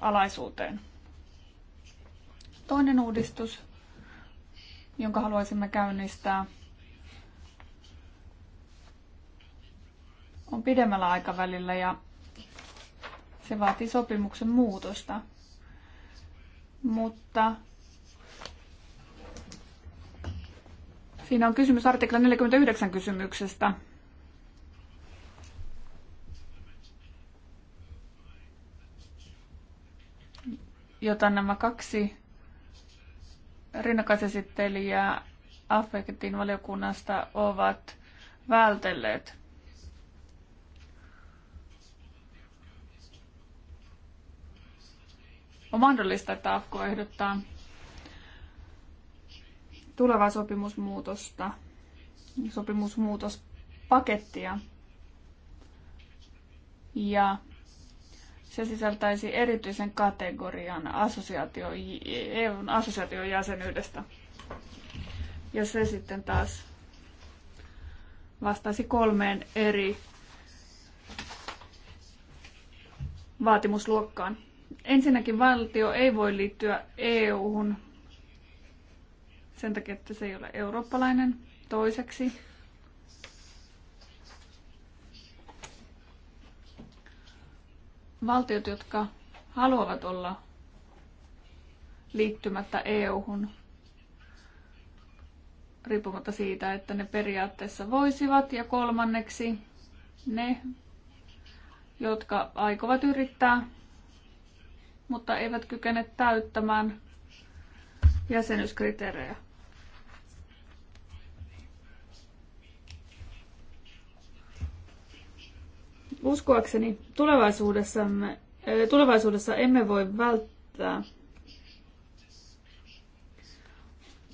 alaisuuteen. Toinen uudistus, jonka haluaisimme käynnistää, on pidemmällä aikavälillä ja se vaatii sopimuksen muutosta. Mutta siinä on kysymys artikla 49 kysymyksestä. jota nämä kaksi rinnakkaisesittelijää Affektin valiokunnasta ovat vältelleet. On mahdollista, että AFKO ehdottaa tulevaa sopimusmuutosta, sopimusmuutospakettia. Ja se sisältäisi erityisen kategorian assosiaatio, EUn assosiaation jäsenyydestä. Ja se sitten taas vastaisi kolmeen eri vaatimusluokkaan. Ensinnäkin valtio ei voi liittyä EU-hun sen takia, että se ei ole eurooppalainen. Toiseksi valtiot, jotka haluavat olla liittymättä EU-hun, riippumatta siitä, että ne periaatteessa voisivat. Ja kolmanneksi ne, jotka aikovat yrittää mutta eivät kykene täyttämään jäsenyyskriteerejä. Uskoakseni tulevaisuudessamme, tulevaisuudessa emme voi välttää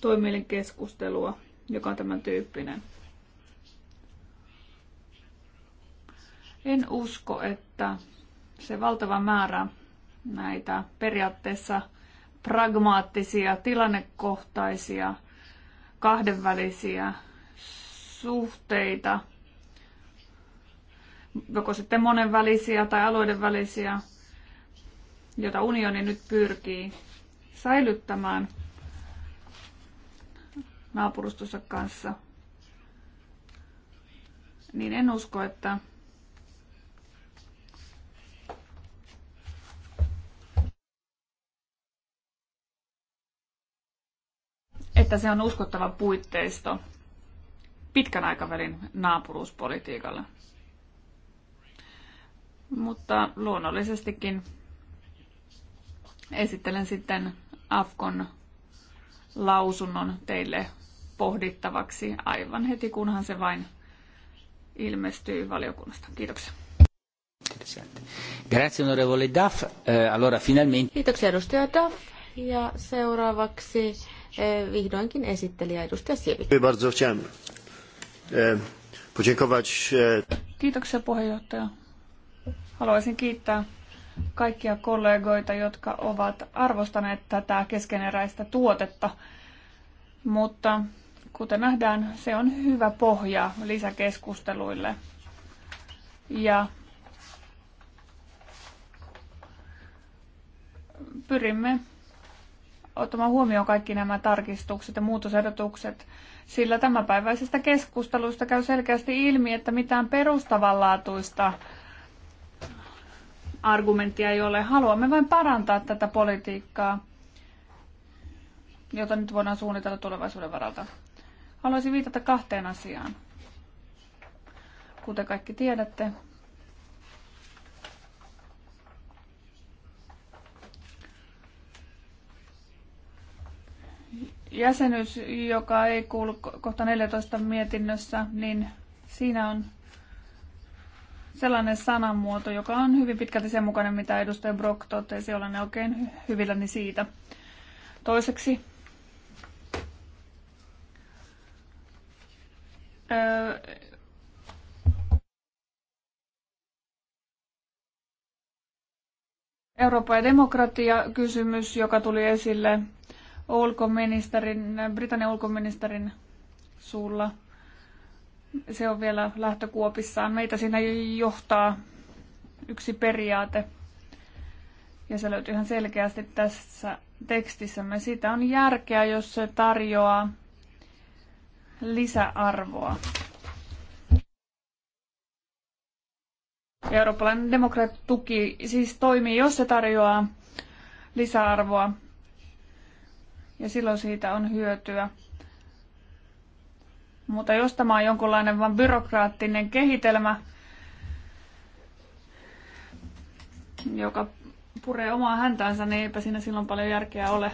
toimielin keskustelua, joka on tämän tyyppinen. En usko, että se valtava määrä näitä periaatteessa pragmaattisia, tilannekohtaisia, kahdenvälisiä suhteita, joko sitten monenvälisiä tai alueiden välisiä, joita unioni nyt pyrkii säilyttämään naapurustossa kanssa, niin en usko, että että se on uskottava puitteisto pitkän aikavälin naapuruuspolitiikalle. Mutta luonnollisestikin esittelen sitten Afkon lausunnon teille pohdittavaksi aivan heti, kunhan se vain ilmestyy valiokunnasta. Kiitoksia. Grazie onorevole Duff. Eh, allora finalmente. Kiitoksia edustaja Duff. Ja seuraavaksi E, vihdoinkin esittelijä edustaja Sivi. E, e, Kiitoksia puheenjohtaja. Haluaisin kiittää kaikkia kollegoita, jotka ovat arvostaneet tätä keskeneräistä tuotetta. Mutta kuten nähdään, se on hyvä pohja lisäkeskusteluille. Ja pyrimme ottamaan huomioon kaikki nämä tarkistukset ja muutosehdotukset, sillä tämänpäiväisestä keskustelusta käy selkeästi ilmi, että mitään perustavanlaatuista argumenttia ei ole. Haluamme vain parantaa tätä politiikkaa, jota nyt voidaan suunnitella tulevaisuuden varalta. Haluaisin viitata kahteen asiaan. Kuten kaikki tiedätte, jäsenyys, joka ei kuulu kohta 14 mietinnössä, niin siinä on sellainen sanamuoto, joka on hyvin pitkälti sen mukainen, mitä edustaja Brock totesi, olen oikein hyvilläni siitä. Toiseksi öö, Eurooppa ja demokratia kysymys, joka tuli esille ulkoministerin, Britannian ulkoministerin suulla. Se on vielä lähtökuopissaan. Meitä siinä johtaa yksi periaate. Ja se löytyy ihan selkeästi tässä tekstissämme. Siitä on järkeä, jos se tarjoaa lisäarvoa. Eurooppalainen demokratia tuki siis toimii, jos se tarjoaa lisäarvoa ja silloin siitä on hyötyä. Mutta jos tämä on jonkunlainen vain byrokraattinen kehitelmä, joka puree omaa häntäänsä, niin eipä siinä silloin paljon järkeä ole.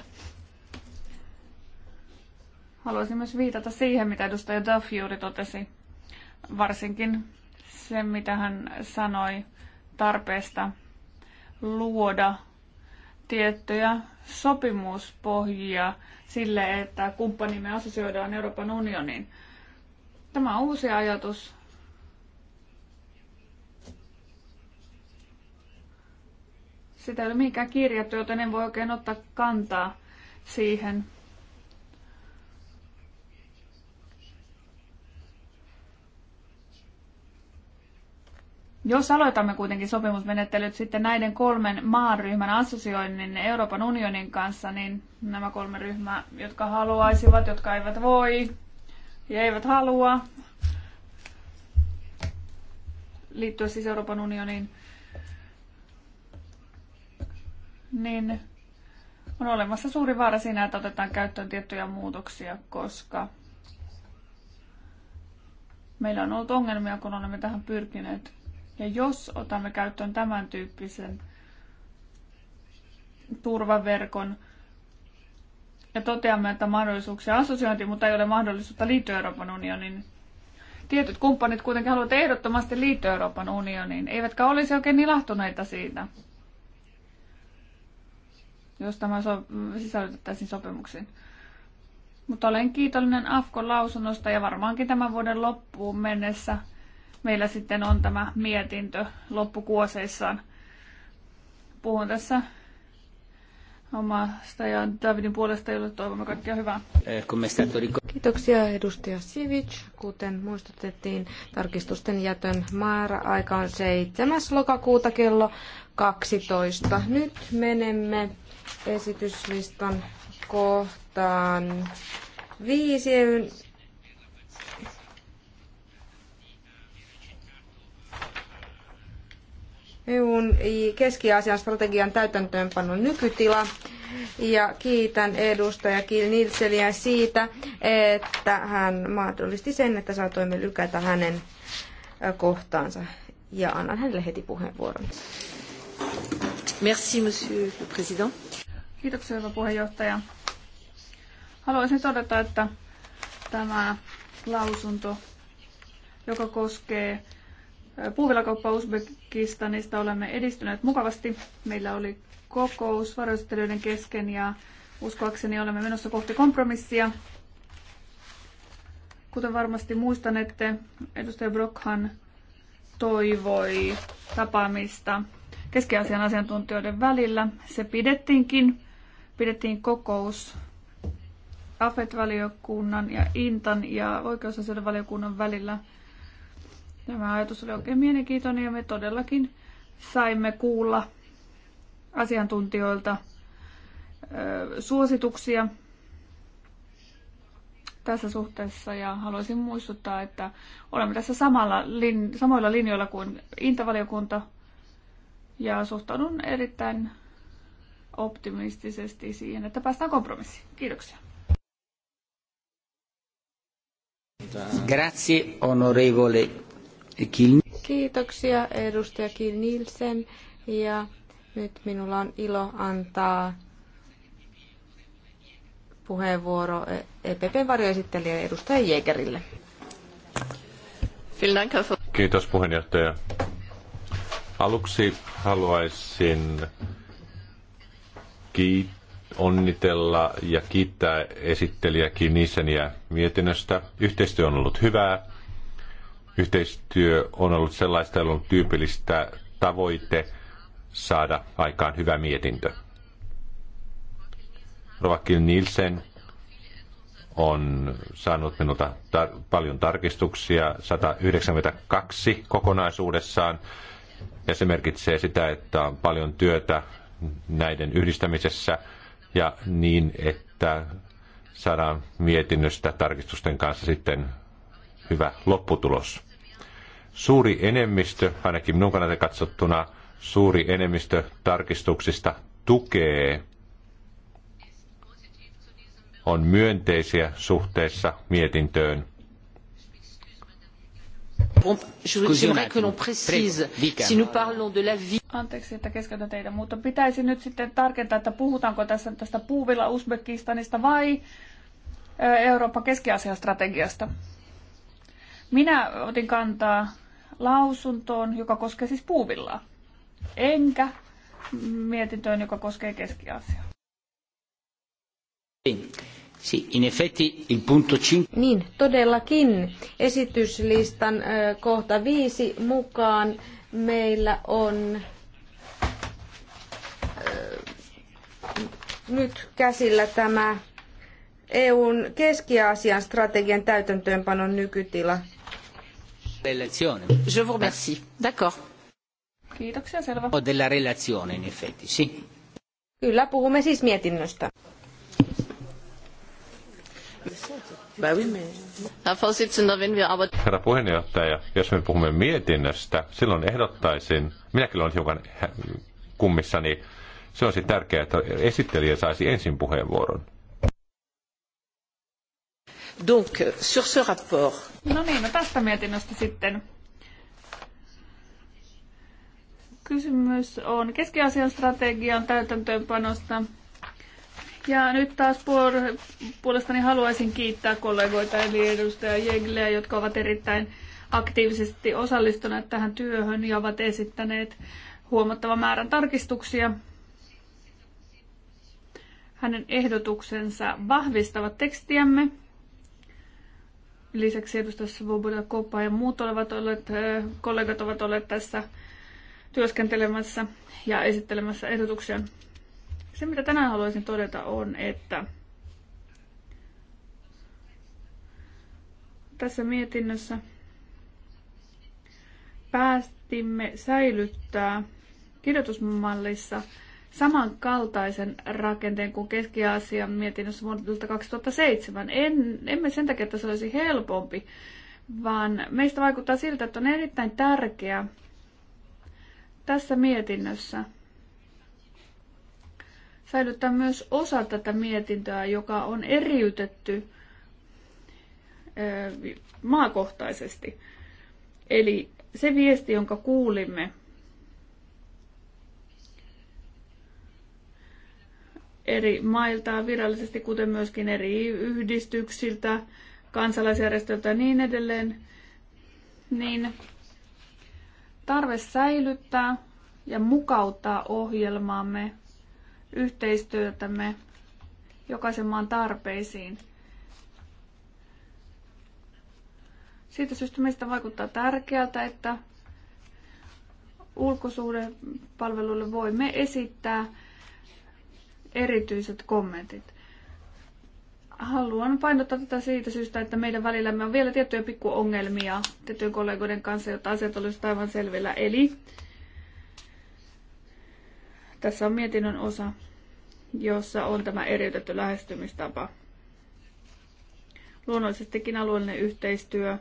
Haluaisin myös viitata siihen, mitä edustaja Duff juuri totesi. Varsinkin sen, mitä hän sanoi tarpeesta luoda tiettyjä sopimuspohjia sille, että kumppanimme asosioidaan Euroopan unioniin. Tämä on uusi ajatus. Sitä ei ole mikään kirjattu, joten en voi oikein ottaa kantaa siihen. Jos aloitamme kuitenkin sopimusmenettelyt sitten näiden kolmen maaryhmän assosioinnin Euroopan unionin kanssa, niin nämä kolme ryhmää, jotka haluaisivat, jotka eivät voi ja eivät halua liittyä siis Euroopan unioniin, niin on olemassa suuri vaara siinä, että otetaan käyttöön tiettyjä muutoksia, koska meillä on ollut ongelmia, kun olemme tähän pyrkineet. Ja jos otamme käyttöön tämän tyyppisen turvaverkon ja toteamme, että mahdollisuuksia assosiointi, mutta ei ole mahdollisuutta liittyä Euroopan unioniin, tietyt kumppanit kuitenkin haluavat ehdottomasti liittyä Euroopan unioniin, eivätkä olisi oikein ilahtuneita niin siitä, jos tämä so- sisällytettäisiin sopimuksiin. Mutta olen kiitollinen Afkon lausunnosta ja varmaankin tämän vuoden loppuun mennessä meillä sitten on tämä mietintö loppukuoseissaan. Puhun tässä omasta ja Davidin puolesta, jolle toivomme kaikkea hyvää. Kiitoksia edustaja Sivic. Kuten muistutettiin, tarkistusten jätön määräaika on 7. lokakuuta kello 12. Nyt menemme esityslistan kohtaan viisi EUn Keski-Aasian strategian täytäntöönpanon nykytila. Ja kiitän edustaja Kill Nilseliä siitä, että hän mahdollisti sen, että saatoimme lykätä hänen kohtaansa. Ja annan hänelle heti puheenvuoron. Merci, monsieur le président. Kiitoksia, hyvä puheenjohtaja. Haluaisin todeta, että tämä lausunto, joka koskee Puuvilakauppa Uzbekistanista olemme edistyneet mukavasti. Meillä oli kokous varoistelijoiden kesken ja uskoakseni olemme menossa kohti kompromissia. Kuten varmasti muistanette, edustaja Brockhan toivoi tapaamista keskiasian asiantuntijoiden välillä. Se pidettiinkin. Pidettiin kokous AFET-valiokunnan ja INTAN ja oikeusasioiden valiokunnan välillä – Tämä ajatus oli oikein mielenkiintoinen ja me todellakin saimme kuulla asiantuntijoilta suosituksia tässä suhteessa ja haluaisin muistuttaa, että olemme tässä samalla, lin, samoilla linjoilla kuin Intavaliokunta ja suhtaudun erittäin optimistisesti siihen, että päästään kompromissiin. Kiitoksia. Grazie, onorevole Kiitoksia edustaja Kil Nielsen ja nyt minulla on ilo antaa puheenvuoro EPPn e varjoesittelijä edustaja Jägerille. Kiitos puheenjohtaja. Aluksi haluaisin kiittää onnitella ja kiittää Kinnisen ja mietinnöstä. Yhteistyö on ollut hyvää Yhteistyö on ollut sellaista, jolla on ollut tyypillistä tavoite saada aikaan hyvä mietintö. Rovakil Nielsen on saanut minulta tar- paljon tarkistuksia, 192 kokonaisuudessaan, ja se merkitsee sitä, että on paljon työtä näiden yhdistämisessä ja niin, että saadaan mietinnöstä tarkistusten kanssa sitten hyvä lopputulos. Suuri enemmistö, ainakin minun kannalta katsottuna, suuri enemmistö tarkistuksista tukee, on myönteisiä suhteessa mietintöön. Anteeksi, että keskeytän teitä, mutta pitäisi nyt sitten tarkentaa, että puhutaanko tässä tästä puuvilla Uzbekistanista vai Euroopan keski strategiasta Minä otin kantaa lausuntoon, joka koskee siis puuvillaa, enkä mietintöön, joka koskee keski niin. cin. Niin, todellakin. Esityslistan kohta viisi mukaan meillä on nyt käsillä tämä EUn Keski-Aasian strategian täytäntöönpanon nykytila Je vous remercie. D'accord. Kiitoksia, selvä. Della relazione, in effetti, Kyllä, puhumme siis mietinnöstä. Herra puheenjohtaja, jos me puhumme mietinnöstä, silloin ehdottaisin, minä kyllä olen hiukan kummissani, se olisi tärkeää, että esittelijä saisi ensin puheenvuoron. Donc, sur ce rapport. No niin, no tästä mietinnöstä sitten. Kysymys on Keski-Aasian strategian täytäntöönpanosta. Ja nyt taas puolestani haluaisin kiittää kollegoita eli edustaja Jegleä, jotka ovat erittäin aktiivisesti osallistuneet tähän työhön ja ovat esittäneet huomattavan määrän tarkistuksia. Hänen ehdotuksensa vahvistavat tekstiämme Lisäksi edustaja Svoboda Koppa ja muut olevat olleet, kollegat ovat olleet tässä työskentelemässä ja esittelemässä ehdotuksia. Se, mitä tänään haluaisin todeta, on, että tässä mietinnössä päästimme säilyttää kirjoitusmallissa samankaltaisen rakenteen kuin Keski-Aasian mietinnössä vuodelta 2007. En, emme sen takia, että se olisi helpompi, vaan meistä vaikuttaa siltä, että on erittäin tärkeää tässä mietinnössä säilyttää myös osa tätä mietintöä, joka on eriytetty maakohtaisesti. Eli se viesti, jonka kuulimme eri mailta virallisesti, kuten myöskin eri yhdistyksiltä, kansalaisjärjestöiltä ja niin edelleen, niin tarve säilyttää ja mukauttaa ohjelmaamme, yhteistyötämme jokaisen maan tarpeisiin. Siitä syystä meistä vaikuttaa tärkeältä, että ulkosuhdepalveluille voimme esittää erityiset kommentit. Haluan painottaa tätä siitä syystä, että meidän välillämme on vielä tiettyjä pikkuongelmia tiettyjen kollegoiden kanssa, jotta asiat olisivat aivan selvillä. Eli tässä on mietinnön osa, jossa on tämä eriytetty lähestymistapa. Luonnollisestikin alueellinen yhteistyö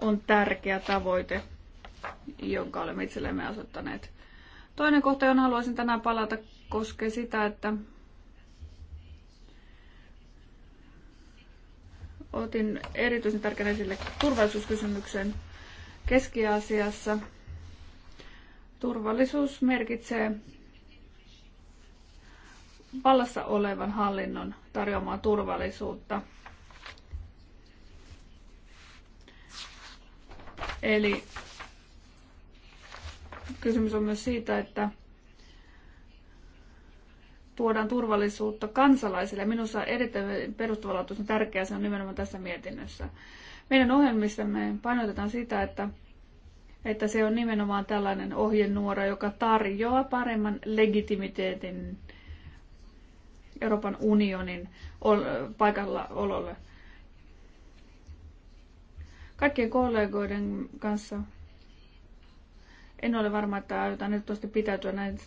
on tärkeä tavoite, jonka olemme itsellemme asettaneet. Toinen kohta, johon haluaisin tänään palata, koskee sitä, että Otin erityisen tärkeänä esille turvallisuuskysymyksen Keski-Aasiassa. Turvallisuus merkitsee vallassa olevan hallinnon tarjoamaa turvallisuutta. Eli kysymys on myös siitä, että tuodaan turvallisuutta kansalaisille. Minusta erittäin perustavanlaatuisen tärkeää se on nimenomaan tässä mietinnössä. Meidän ohjelmissamme painotetaan sitä, että, että se on nimenomaan tällainen ohjenuora, joka tarjoaa paremman legitimiteetin Euroopan unionin paikalla ololle. Kaikkien kollegoiden kanssa en ole varma, että aiotaan nyt pitäytyä näin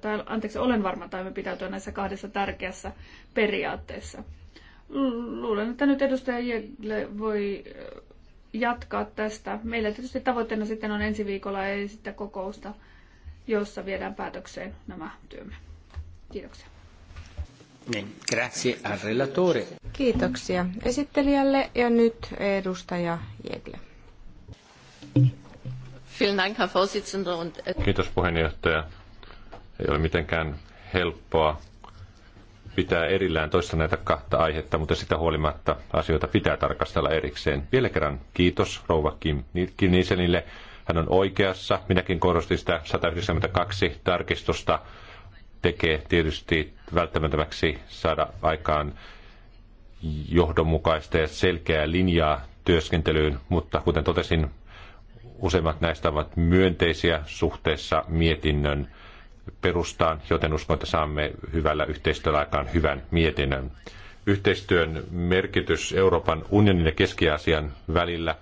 tai anteeksi, olen varma taimme pitäytyä näissä kahdessa tärkeässä periaatteessa. Luulen, että nyt edustaja Jegle voi jatkaa tästä. Meillä tietysti tavoitteena sitten on ensi viikolla ei sitä kokousta, jossa viedään päätökseen nämä työmme. Kiitoksia. Niin, grazie Kiitoksia esittelijälle ja nyt edustaja Jegle. Kiitos puheenjohtaja. Ei ole mitenkään helppoa pitää erillään toista näitä kahta aihetta, mutta sitä huolimatta asioita pitää tarkastella erikseen. Vielä kerran kiitos rouva Kim Hän on oikeassa. Minäkin korostin sitä 192 tarkistusta. Tekee tietysti välttämättömäksi saada aikaan johdonmukaista ja selkeää linjaa työskentelyyn, mutta kuten totesin, useimmat näistä ovat myönteisiä suhteessa mietinnön perustaan, joten uskon, että saamme hyvällä yhteistyöllä aikaan hyvän mietinnön. Yhteistyön merkitys Euroopan unionin ja Keski-Aasian välillä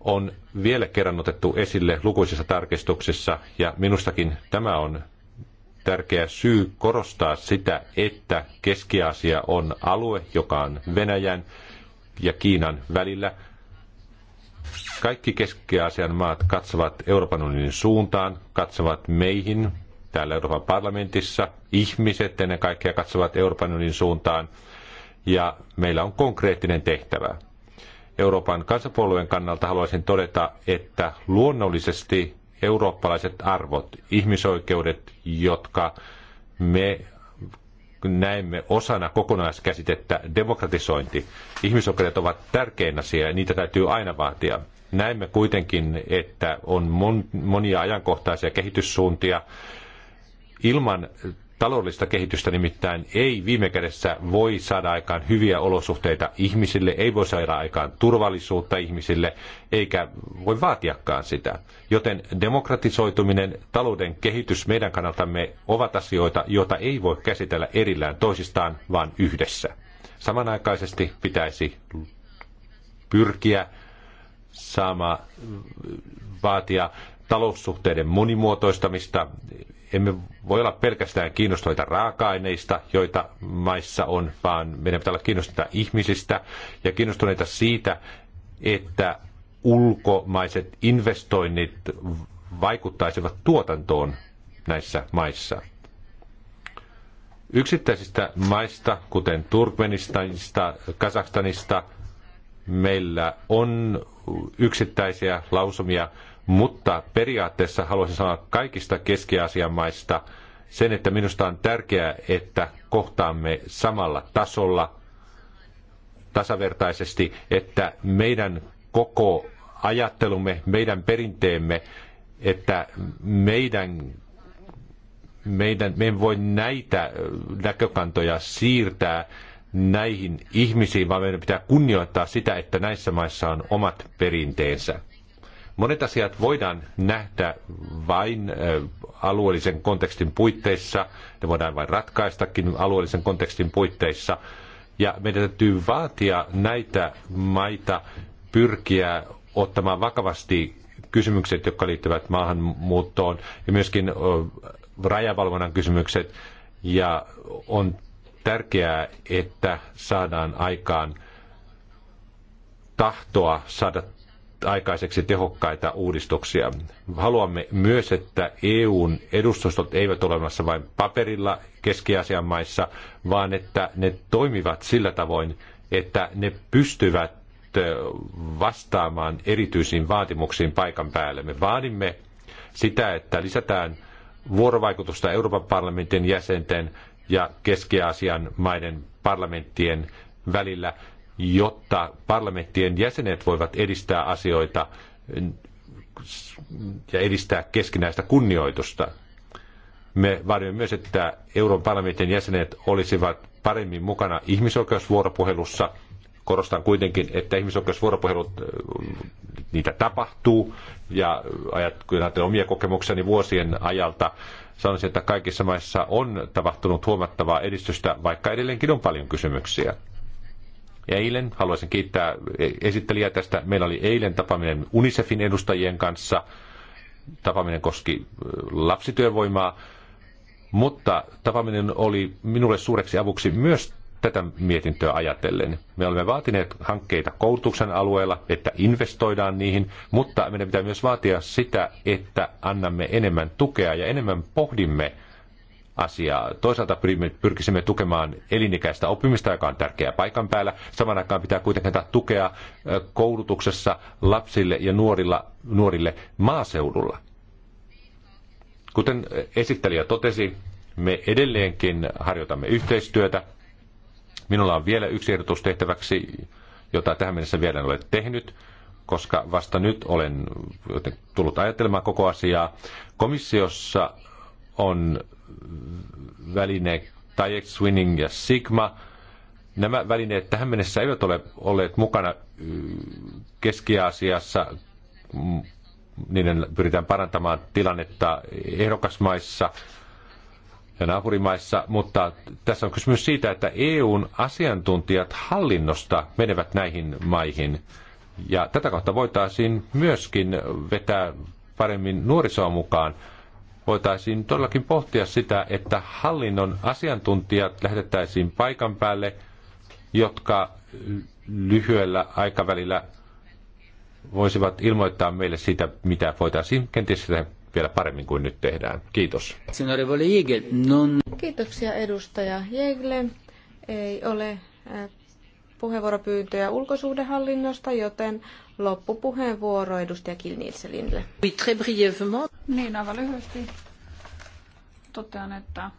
on vielä kerran otettu esille lukuisissa tarkistuksissa, ja minustakin tämä on tärkeä syy korostaa sitä, että Keski-Aasia on alue, joka on Venäjän ja Kiinan välillä. Kaikki Keski-Aasian maat katsovat Euroopan unionin suuntaan, katsovat meihin, täällä Euroopan parlamentissa. Ihmiset ennen kaikkea katsovat Euroopan unionin suuntaan ja meillä on konkreettinen tehtävä. Euroopan kansapuolueen kannalta haluaisin todeta, että luonnollisesti eurooppalaiset arvot, ihmisoikeudet, jotka me näemme osana kokonaiskäsitettä demokratisointi. Ihmisoikeudet ovat tärkein asia ja niitä täytyy aina vaatia. Näemme kuitenkin, että on monia ajankohtaisia kehityssuuntia, Ilman taloudellista kehitystä nimittäin ei viime kädessä voi saada aikaan hyviä olosuhteita ihmisille, ei voi saada aikaan turvallisuutta ihmisille, eikä voi vaatiakaan sitä. Joten demokratisoituminen, talouden kehitys meidän kannaltamme ovat asioita, joita ei voi käsitellä erillään toisistaan, vaan yhdessä. Samanaikaisesti pitäisi pyrkiä saamaan vaatia taloussuhteiden monimuotoistamista, emme voi olla pelkästään kiinnostuneita raaka-aineista, joita maissa on, vaan meidän pitää olla kiinnostuneita ihmisistä ja kiinnostuneita siitä, että ulkomaiset investoinnit vaikuttaisivat tuotantoon näissä maissa. Yksittäisistä maista, kuten Turkmenistanista, Kazakstanista, meillä on yksittäisiä lausumia mutta periaatteessa haluaisin sanoa kaikista keski maista sen, että minusta on tärkeää, että kohtaamme samalla tasolla tasavertaisesti, että meidän koko ajattelumme, meidän perinteemme, että meidän meidän, me emme voi näitä näkökantoja siirtää näihin ihmisiin, vaan meidän pitää kunnioittaa sitä, että näissä maissa on omat perinteensä. Monet asiat voidaan nähdä vain alueellisen kontekstin puitteissa, ne voidaan vain ratkaistakin alueellisen kontekstin puitteissa. Ja meidän täytyy vaatia näitä maita pyrkiä ottamaan vakavasti kysymykset, jotka liittyvät maahanmuuttoon ja myöskin rajavalvonnan kysymykset. Ja on tärkeää, että saadaan aikaan tahtoa saada aikaiseksi tehokkaita uudistuksia. Haluamme myös, että EUn edustustot eivät ole olemassa vain paperilla Keski-Aasian maissa, vaan että ne toimivat sillä tavoin, että ne pystyvät vastaamaan erityisiin vaatimuksiin paikan päälle. Me vaadimme sitä, että lisätään vuorovaikutusta Euroopan parlamentin jäsenten ja Keski-Aasian maiden parlamenttien välillä jotta parlamenttien jäsenet voivat edistää asioita ja edistää keskinäistä kunnioitusta. Me vaadimme myös, että Euroopan parlamentin jäsenet olisivat paremmin mukana ihmisoikeusvuoropuhelussa. Korostan kuitenkin, että ihmisoikeusvuoropuhelut, äh, niitä tapahtuu, ja kun ajattelen omia kokemukseni vuosien ajalta, sanoisin, että kaikissa maissa on tapahtunut huomattavaa edistystä, vaikka edelleenkin on paljon kysymyksiä. Ja eilen haluaisin kiittää esittelijää tästä. Meillä oli eilen tapaaminen UNICEFin edustajien kanssa. Tapaaminen koski lapsityövoimaa, mutta tapaaminen oli minulle suureksi avuksi myös tätä mietintöä ajatellen. Me olemme vaatineet hankkeita koulutuksen alueella, että investoidaan niihin, mutta meidän pitää myös vaatia sitä, että annamme enemmän tukea ja enemmän pohdimme Asia Toisaalta pyrkisimme tukemaan elinikäistä oppimista, joka on tärkeää paikan päällä. Saman aikaan pitää kuitenkin antaa tukea koulutuksessa lapsille ja nuorilla, nuorille maaseudulla. Kuten esittelijä totesi, me edelleenkin harjoitamme yhteistyötä. Minulla on vielä yksi ehdotus tehtäväksi, jota tähän mennessä vielä en ole tehnyt, koska vasta nyt olen tullut ajattelemaan koko asiaa. Komissiossa on väline Tajek, Swinning ja Sigma. Nämä välineet tähän mennessä eivät ole olleet mukana Keski-Aasiassa. Niiden pyritään parantamaan tilannetta ehdokasmaissa ja naapurimaissa, mutta tässä on kysymys siitä, että EUn asiantuntijat hallinnosta menevät näihin maihin. Ja tätä kautta voitaisiin myöskin vetää paremmin nuorisoa mukaan voitaisiin todellakin pohtia sitä, että hallinnon asiantuntijat lähetettäisiin paikan päälle, jotka lyhyellä aikavälillä voisivat ilmoittaa meille siitä, mitä voitaisiin kenties tehdä vielä paremmin kuin nyt tehdään. Kiitos. Kiitoksia edustaja Jegle. Ei ole äh, puheenvuoropyyntöjä ulkosuhdehallinnosta, joten loppupuheenvuoro edustaja Kilniitselinille. Niin, aivan lyhyesti totean, että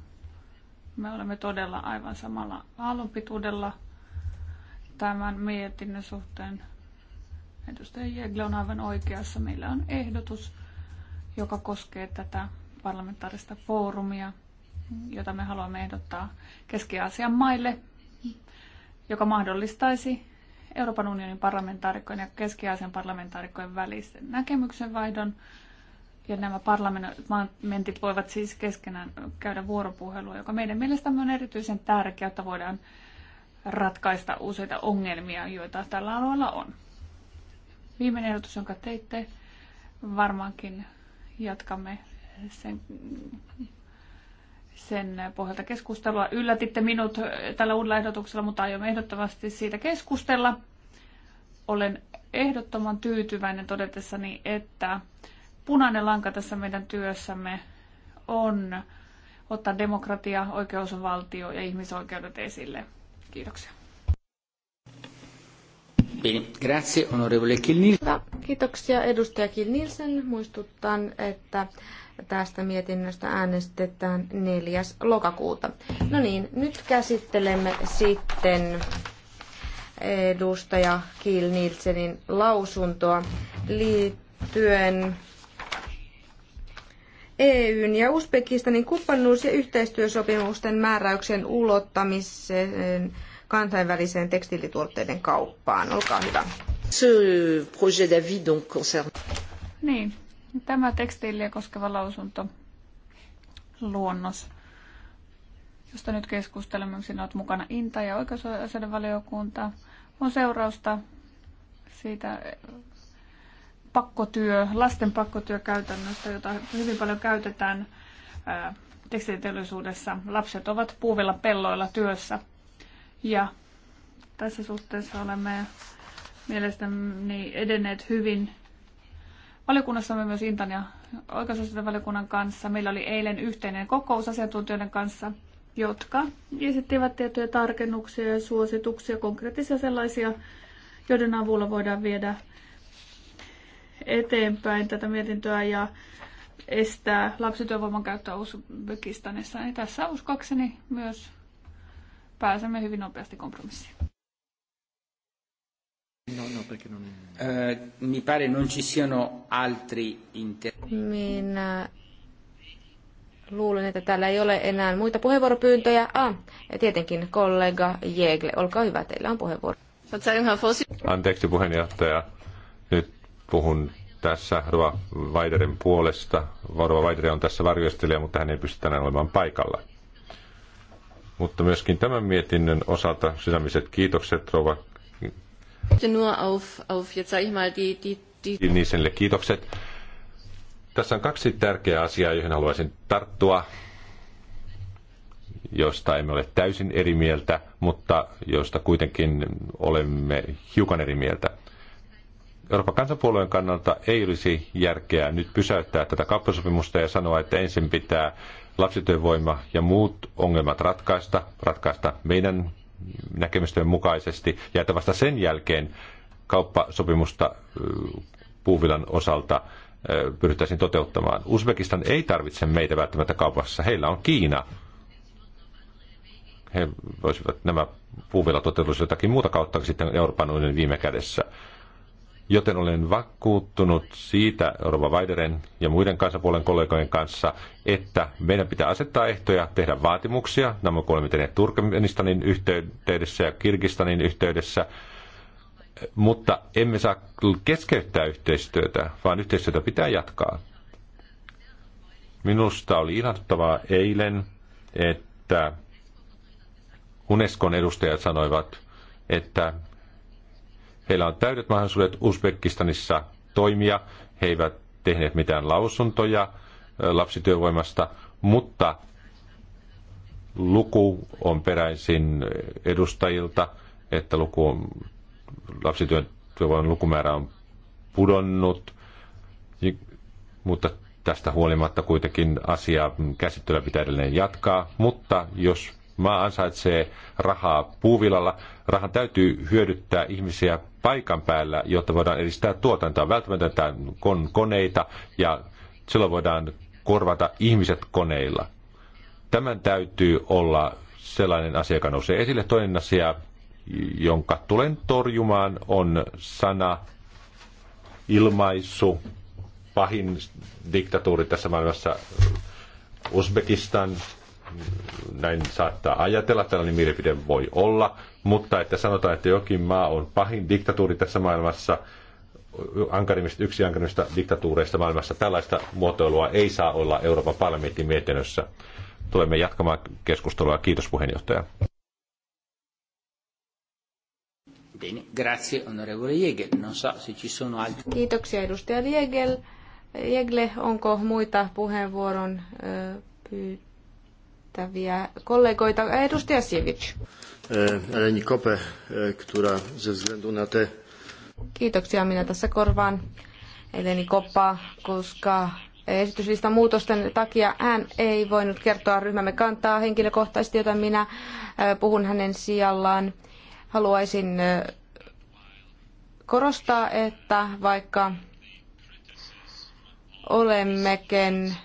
me olemme todella aivan samalla aallonpituudella tämän mietinnön suhteen. Edustaja Jegle on aivan oikeassa. Meillä on ehdotus, joka koskee tätä parlamentaarista foorumia, jota me haluamme ehdottaa Keski-Aasian maille joka mahdollistaisi Euroopan unionin parlamentaarikkojen ja keski-Aasian parlamentaarikkojen välisen näkemyksen vaihdon. Ja nämä parlamentit voivat siis keskenään käydä vuoropuhelua, joka meidän mielestämme on erityisen tärkeää, että voidaan ratkaista useita ongelmia, joita tällä alueella on. Viimeinen ehdotus, jonka teitte, varmaankin jatkamme sen sen pohjalta keskustelua. Yllätitte minut äh, tällä uudella ehdotuksella, mutta aion ehdottomasti siitä keskustella. Olen ehdottoman tyytyväinen todetessani, että punainen lanka tässä meidän työssämme on ottaa demokratia, oikeusvaltio ja ihmisoikeudet esille. Kiitoksia. Bene, grazie onorevole Kiitoksia edustaja Kilnilsen. Muistutan, että Tästä mietinnöstä äänestetään 4. lokakuuta. No niin, nyt käsittelemme sitten edustaja Kiil Nielsenin lausuntoa liittyen EUn ja Uzbekistanin kumppanuus- ja yhteistyösopimusten määräyksen ulottamiseen kansainväliseen tekstiilituotteiden kauppaan. Olkaa hyvä. Ce projet d'avis donc concerne... Niin, Tämä tekstiiliä koskeva lausunto luonnos, josta nyt keskustelemme, sinä olet mukana Inta ja oikeusasioiden valiokunta, on seurausta siitä eh, pakkotyö, lasten pakkotyökäytännöstä, jota hyvin paljon käytetään eh, tekstiiliteollisuudessa. Lapset ovat puuvilla pelloilla työssä ja tässä suhteessa olemme mielestäni edenneet hyvin Valiokunnassamme myös Intan ja oikeusasioiden kanssa. Meillä oli eilen yhteinen kokous asiantuntijoiden kanssa, jotka esittivät tiettyjä tarkennuksia ja suosituksia, konkreettisia sellaisia, joiden avulla voidaan viedä eteenpäin tätä mietintöä ja estää lapsityövoiman käyttöä Uzbekistanissa. Niin tässä uskoakseni myös pääsemme hyvin nopeasti kompromissiin. No, no, perché non... Uh, mi pare non ci siano altri interventi. Minä luulen, että täällä ei ole enää muita puheenvuoropyyntöjä. Ah, ja tietenkin kollega Jegle, olkaa hyvä, teillä on puheenvuoro. Anteeksi puheenjohtaja, nyt puhun tässä Rova Vaiderin puolesta. Rova Vaider on tässä varjoistelija, mutta hän ei pysty tänään olemaan paikalla. Mutta myöskin tämän mietinnön osalta sydämiset kiitokset Rova Niisenille kiitokset. Tässä on kaksi tärkeää asiaa, joihin haluaisin tarttua, josta emme ole täysin eri mieltä, mutta josta kuitenkin olemme hiukan eri mieltä. Euroopan kansanpuolueen kannalta ei olisi järkeä nyt pysäyttää tätä kauppasopimusta ja sanoa, että ensin pitää lapsityövoima ja muut ongelmat ratkaista, ratkaista meidän näkemysten mukaisesti, ja että vasta sen jälkeen kauppasopimusta puuvilan osalta pyrittäisiin toteuttamaan. Uzbekistan ei tarvitse meitä välttämättä kaupassa. Heillä on Kiina. He voisivat nämä puuvilat toteutuisivat jotakin muuta kautta sitten Euroopan unionin viime kädessä joten olen vakuuttunut siitä Euroopan Weideren ja muiden kansapuolen kollegojen kanssa, että meidän pitää asettaa ehtoja, tehdä vaatimuksia. Nämä olemme tehneet Turkmenistanin yhteydessä ja Kirgistanin yhteydessä, mutta emme saa keskeyttää yhteistyötä, vaan yhteistyötä pitää jatkaa. Minusta oli ilahduttavaa eilen, että Unescon edustajat sanoivat, että Heillä on täydet mahdollisuudet Uzbekistanissa toimia. He eivät tehneet mitään lausuntoja lapsityövoimasta, mutta luku on peräisin edustajilta, että luku on, lapsityövoiman lukumäärä on pudonnut, mutta tästä huolimatta kuitenkin asia käsittelyä pitää edelleen jatkaa. Mutta jos maa ansaitsee rahaa puuvilalla, Rahan täytyy hyödyttää ihmisiä paikan päällä, jotta voidaan edistää tuotantoa. Välttämättä on koneita ja silloin voidaan korvata ihmiset koneilla. Tämän täytyy olla sellainen asia, joka nousee esille. Toinen asia, jonka tulen torjumaan, on sana ilmaisu. Pahin diktatuuri tässä maailmassa Uzbekistan, näin saattaa ajatella, tällainen mielipide voi olla mutta että sanotaan, että jokin maa on pahin diktatuuri tässä maailmassa, ankarimmista, yksi ankarimmista diktatuureista maailmassa, tällaista muotoilua ei saa olla Euroopan parlamentin mietinnössä. Tulemme jatkamaan keskustelua. Kiitos puheenjohtaja. Bene, grazie Non ci sono altri. Kiitoksia edustaja Jägel. Jägle, onko muita puheenvuoron pyytä? merkittäviä kollegoita. Edustaja Sivic. Eh, Eleni Kope, eh, która ze względu na te... Kiitoksia, minä tässä korvaan Eleni Koppa, koska esityslistan muutosten takia hän ei voinut kertoa ryhmämme kantaa henkilökohtaisesti, jota minä eh, puhun hänen sijallaan. Haluaisin korostaa, että vaikka olemmekin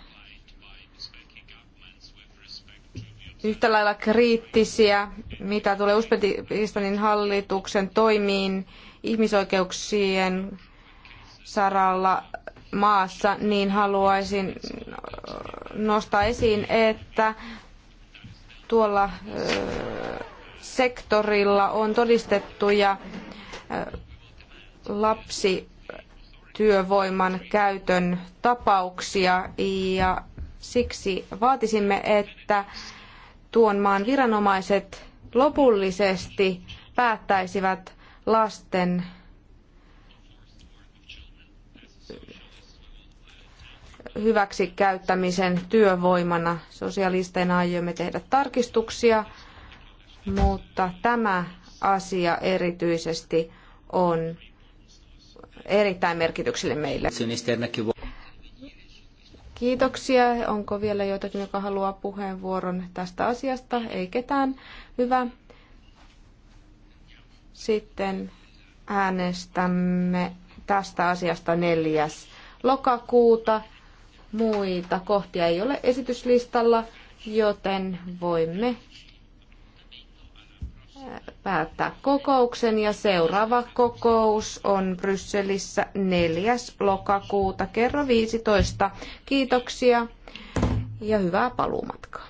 yhtä lailla kriittisiä, mitä tulee Uzbekistanin hallituksen toimiin ihmisoikeuksien saralla maassa, niin haluaisin nostaa esiin, että tuolla sektorilla on todistettuja lapsityövoiman käytön tapauksia ja siksi vaatisimme, että tuon maan viranomaiset lopullisesti päättäisivät lasten hyväksikäyttämisen työvoimana. Sosialisteina aiomme tehdä tarkistuksia, mutta tämä asia erityisesti on erittäin merkityksellinen meille. Kiitoksia. Onko vielä jotakin, joka haluaa puheenvuoron tästä asiasta? Ei ketään. Hyvä. Sitten äänestämme tästä asiasta 4. lokakuuta. Muita kohtia ei ole esityslistalla, joten voimme päättää kokouksen ja seuraava kokous on Brysselissä 4. lokakuuta kello 15. Kiitoksia ja hyvää paluumatkaa.